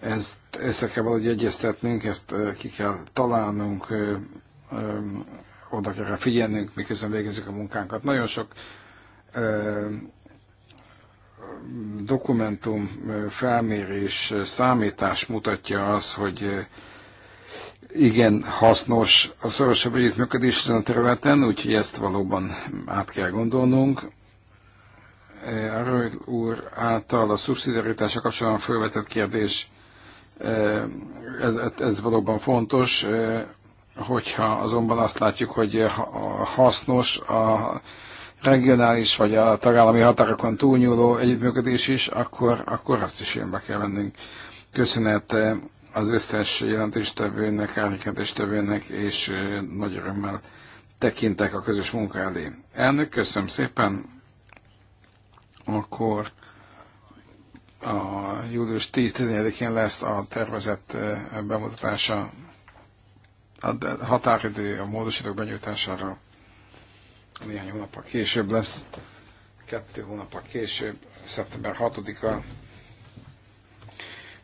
Ezt össze kell valahogy egyeztetnünk, ezt ki kell találnunk, oda kell figyelnünk, miközben végezzük a munkánkat. Nagyon sok dokumentum felmérés, számítás mutatja az, hogy igen hasznos a szorosabb együttműködés ezen a területen, úgyhogy ezt valóban át kell gondolnunk. Arról úr által a szubszidiaritása kapcsolatban felvetett kérdés, ez, ez valóban fontos, hogyha azonban azt látjuk, hogy hasznos a regionális vagy a tagállami határokon túlnyúló együttműködés is, akkor, akkor azt is ilyenbe kell vennünk. Köszönet eh, az összes jelentéstevőnek, árnyékentéstevőnek, és eh, nagy örömmel tekintek a közös munka elé. Elnök, köszönöm szépen. Akkor a július 10-11-én lesz a tervezett eh, bemutatása, a határidő a módosítók benyújtására néhány hónappal később lesz, kettő hónappal később, szeptember 6-a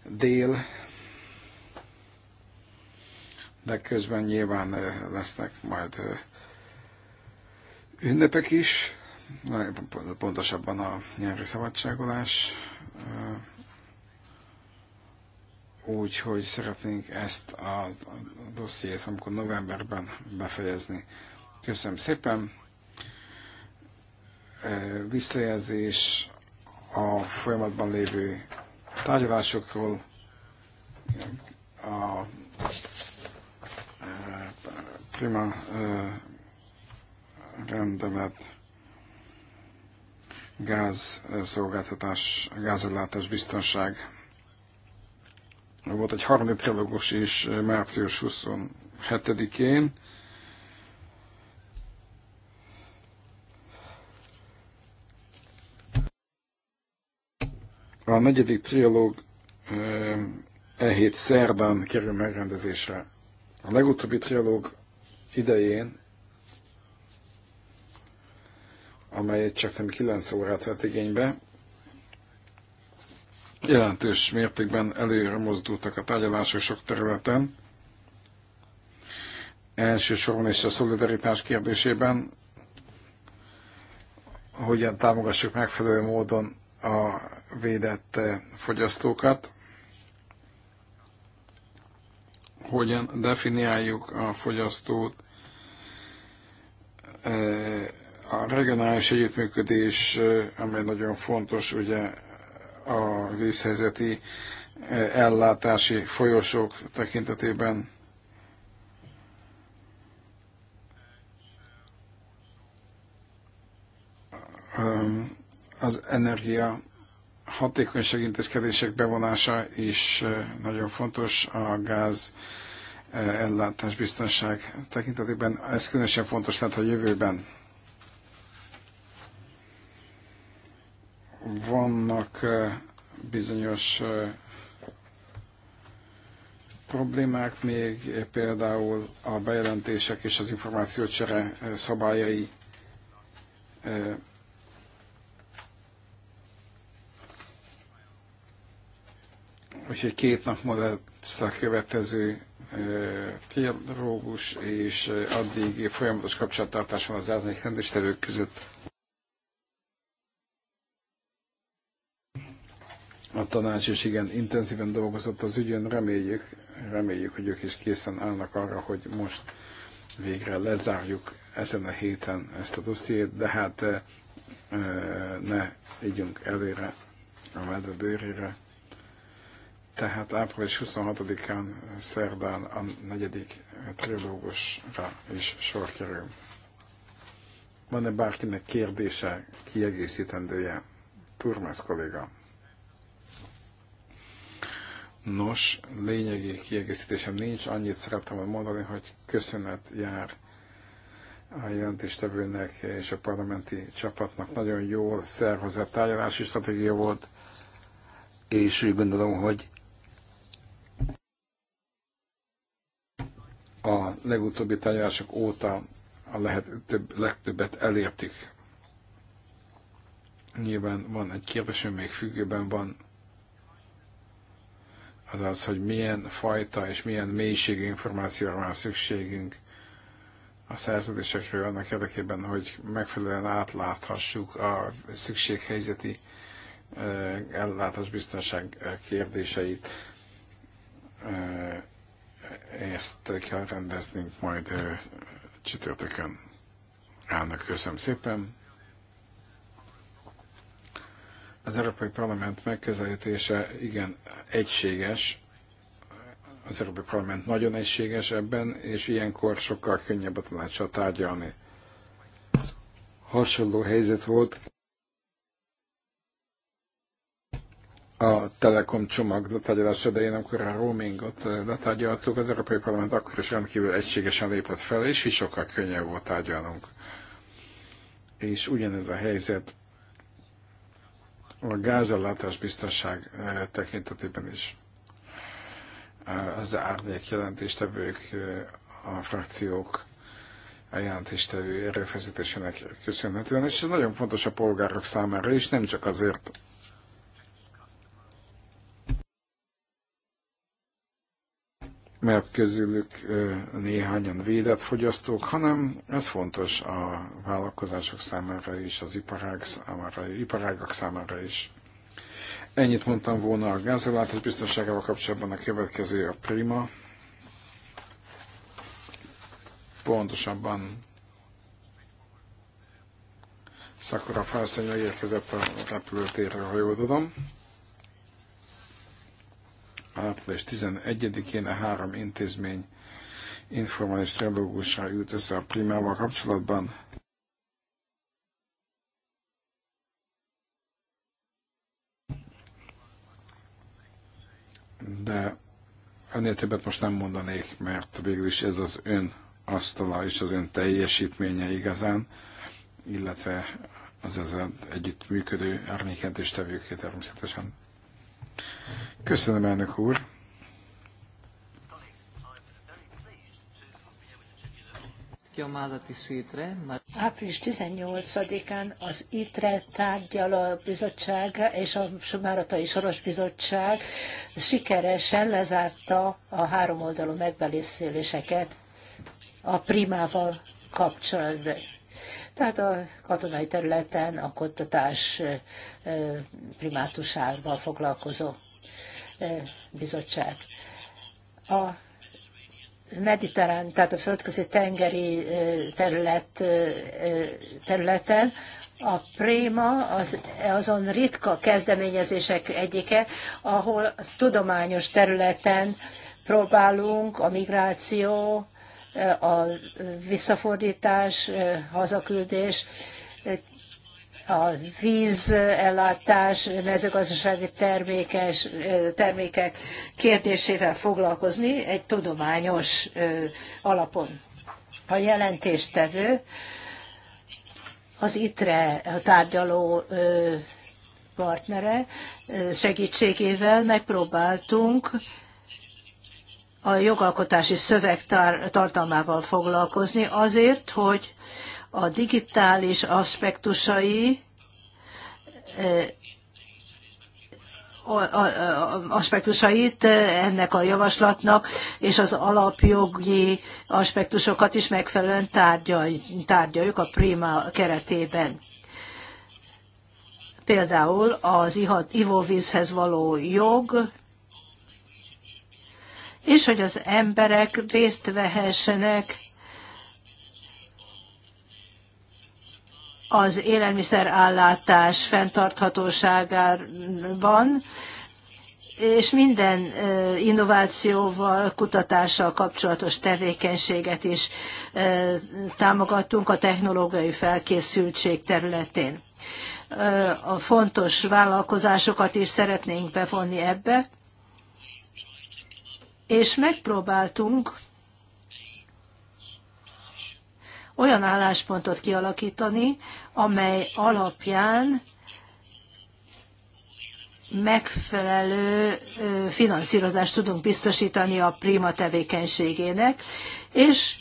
dél, de közben nyilván lesznek majd ünnepek is, pontosabban a nyári szabadságolás, úgyhogy szeretnénk ezt a dossziét amikor novemberben befejezni. Köszönöm szépen! visszajelzés a folyamatban lévő tárgyalásokról, a prima rendelet gázszolgáltatás, gázellátás biztonság. Volt egy harmadik trilógus is március 27-én, A negyedik trialóg e hét szerdán kerül megrendezésre. A legutóbbi trialóg idején, amely csak nem 9 órát vett igénybe, jelentős mértékben előre mozdultak a tárgyalások sok területen, elsősorban és a szolidaritás kérdésében, hogyan támogassuk megfelelő módon a védett eh, fogyasztókat. Hogyan definiáljuk a fogyasztót? Eh, a regionális együttműködés, eh, amely nagyon fontos, ugye a vízhelyzeti ellátási folyosók tekintetében um, az energia hatékonyság intézkedések bevonása is eh, nagyon fontos a gáz eh, ellátás biztonság tekintetében. Ez különösen fontos lehet a jövőben. Vannak eh, bizonyos problémák még, például a bejelentések és az információcsere szabályai Úgyhogy két nap múlva lesz a következő dialógus, és addig folyamatos kapcsolattartás van az árnyék rendéstevők között. A tanács is igen intenzíven dolgozott az ügyön, reméljük, reméljük, hogy ők is készen állnak arra, hogy most végre lezárjuk ezen a héten ezt a dossziét, de hát ne ígyünk előre a medve bőrére tehát április 26-án szerdán a negyedik trilógusra is sor kerül. Van-e bárkinek kérdése, kiegészítendője? Turmes kolléga. Nos, lényegi kiegészítésem nincs, annyit szerettem mondani, hogy köszönet jár a jelentéstevőnek és a parlamenti csapatnak. Nagyon jól szervezett tárgyalási stratégia volt, és úgy gondolom, hogy legutóbbi tárgyalások óta a lehet, több, legtöbbet elértük. Nyilván van egy kérdésünk, még függőben van az az, hogy milyen fajta és milyen mélységű információra van szükségünk a szerződésekről annak érdekében, hogy megfelelően átláthassuk a szükséghelyzeti eh, ellátásbiztonság eh, kérdéseit eh, ezt kell rendeznünk majd csütörtökön. Állnak, köszönöm szépen. Az Európai Parlament megközelítése igen egységes, az Európai Parlament nagyon egységes ebben, és ilyenkor sokkal könnyebb a tanácssal tárgyalni. Hasonló helyzet volt a Telekom csomag tárgyalás idején, amikor a roamingot eh, letárgyaltuk, az Európai Parlament akkor is rendkívül egységesen lépett fel, és így sokkal könnyebb volt tárgyalnunk. És ugyanez a helyzet a gázellátás biztonság eh, tekintetében is. Eh, az árnyék jelentéstevők, a frakciók a jelentéstevő erőfeszítésének köszönhetően, és ez nagyon fontos a polgárok számára is, nem csak azért, mert közülük néhányan védett fogyasztók, hanem ez fontos a vállalkozások számára is, az iparág számára, iparágak számára is. Ennyit mondtam volna a gázellátás biztonságával kapcsolatban, a következő a Prima. Pontosabban Szakora felszönyre érkezett a repülőtérre, ha jól tudom április 11-én a három intézmény informális trilógusra jut össze a primával kapcsolatban. De ennél többet most nem mondanék, mert végül is ez az ön asztala és az ön teljesítménye igazán, illetve az ezzel együtt működő tevőké természetesen. Köszönöm, elnök úr. Április 18-án az ITRE tárgyal a bizottság és a Máratai Soros Bizottság sikeresen lezárta a háromoldalú megbeszéléseket a primával kapcsolatban tehát a katonai területen a kottatás primátusával foglalkozó bizottság. A mediterrán, tehát a földközi tengeri terület, területen a préma az, azon ritka kezdeményezések egyike, ahol tudományos területen próbálunk a migráció, a visszafordítás, hazaküldés, a vízellátás, mezőgazdasági termékes, termékek kérdésével foglalkozni egy tudományos alapon. A jelentéstevő az ITRE tárgyaló partnere segítségével megpróbáltunk a jogalkotási szöveg tartalmával foglalkozni azért, hogy a digitális aspektusai e, aspektusait ennek a javaslatnak, és az alapjogi aspektusokat is megfelelően tárgyaljuk a Prima keretében. Például az ivóvízhez való jog, és hogy az emberek részt vehessenek az élelmiszerállátás fenntarthatóságában, és minden innovációval, kutatással kapcsolatos tevékenységet is támogattunk a technológiai felkészültség területén. A fontos vállalkozásokat is szeretnénk bevonni ebbe, és megpróbáltunk olyan álláspontot kialakítani, amely alapján megfelelő finanszírozást tudunk biztosítani a prima tevékenységének, és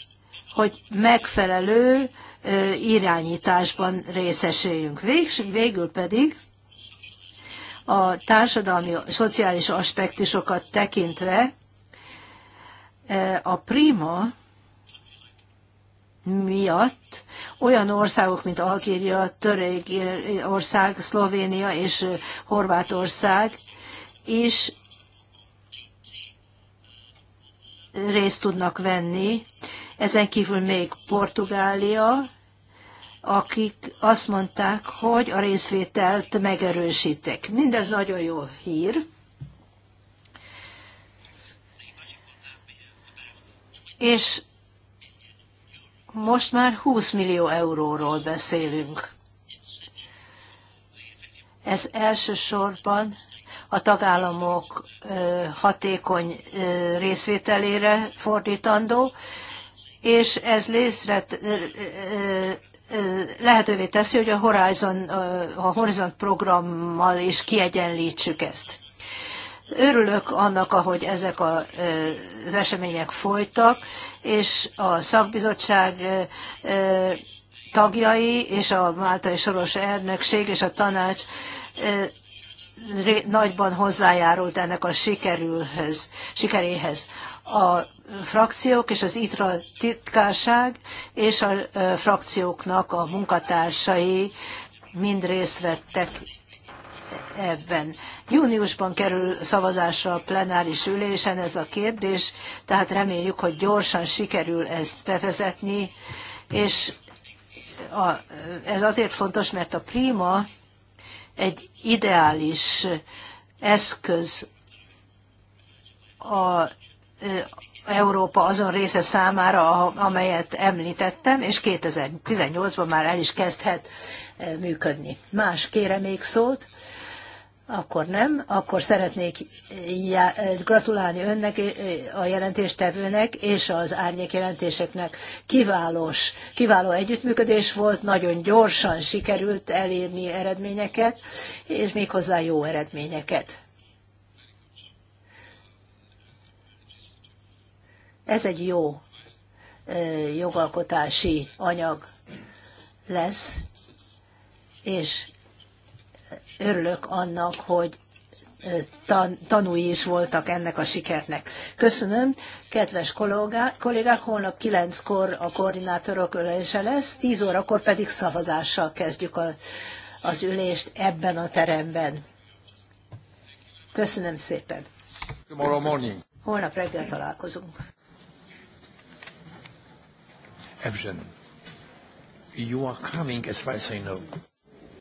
hogy megfelelő irányításban részesüljünk. Végül pedig a társadalmi, szociális aspektusokat tekintve Eh, a prima miatt olyan országok, mint Algéria, Törökország, Szlovénia és eh, Horvátország is részt tudnak venni. Ezen kívül még Portugália, akik azt mondták, hogy a részvételt megerősítek. Mindez nagyon jó hír. és most már 20 millió euróról beszélünk. Ez elsősorban a tagállamok hatékony részvételére fordítandó, és ez létre lehetővé teszi, hogy a Horizon, a Horizon programmal is kiegyenlítsük ezt. Örülök annak, ahogy ezek az események folytak, és a szakbizottság tagjai és a Máltai Soros elnökség és a tanács nagyban hozzájárult ennek a sikerülhöz, sikeréhez. A frakciók és az ITRA titkárság és a frakcióknak a munkatársai mind részt vettek ebben. Júniusban kerül szavazásra a plenáris ülésen ez a kérdés, tehát reméljük, hogy gyorsan sikerül ezt bevezetni, és a, ez azért fontos, mert a prima egy ideális eszköz a Európa azon része számára, amelyet említettem, és 2018-ban már el is kezdhet működni. Más kérem még szót? Akkor nem, akkor szeretnék gratulálni önnek, a jelentéstevőnek és az árnyék jelentéseknek. Kiválós, kiváló együttműködés volt, nagyon gyorsan sikerült elérni eredményeket, és méghozzá jó eredményeket. Ez egy jó jogalkotási anyag lesz, és örülök annak, hogy tan, tanúi is voltak ennek a sikernek. Köszönöm, kedves kollégák, kollégák holnap kilenckor a koordinátorok ölése lesz, 10 órakor pedig szavazással kezdjük a, az ülést ebben a teremben. Köszönöm szépen. Tomorrow morning. Holnap reggel találkozunk. Evgen, you are coming as far as I know.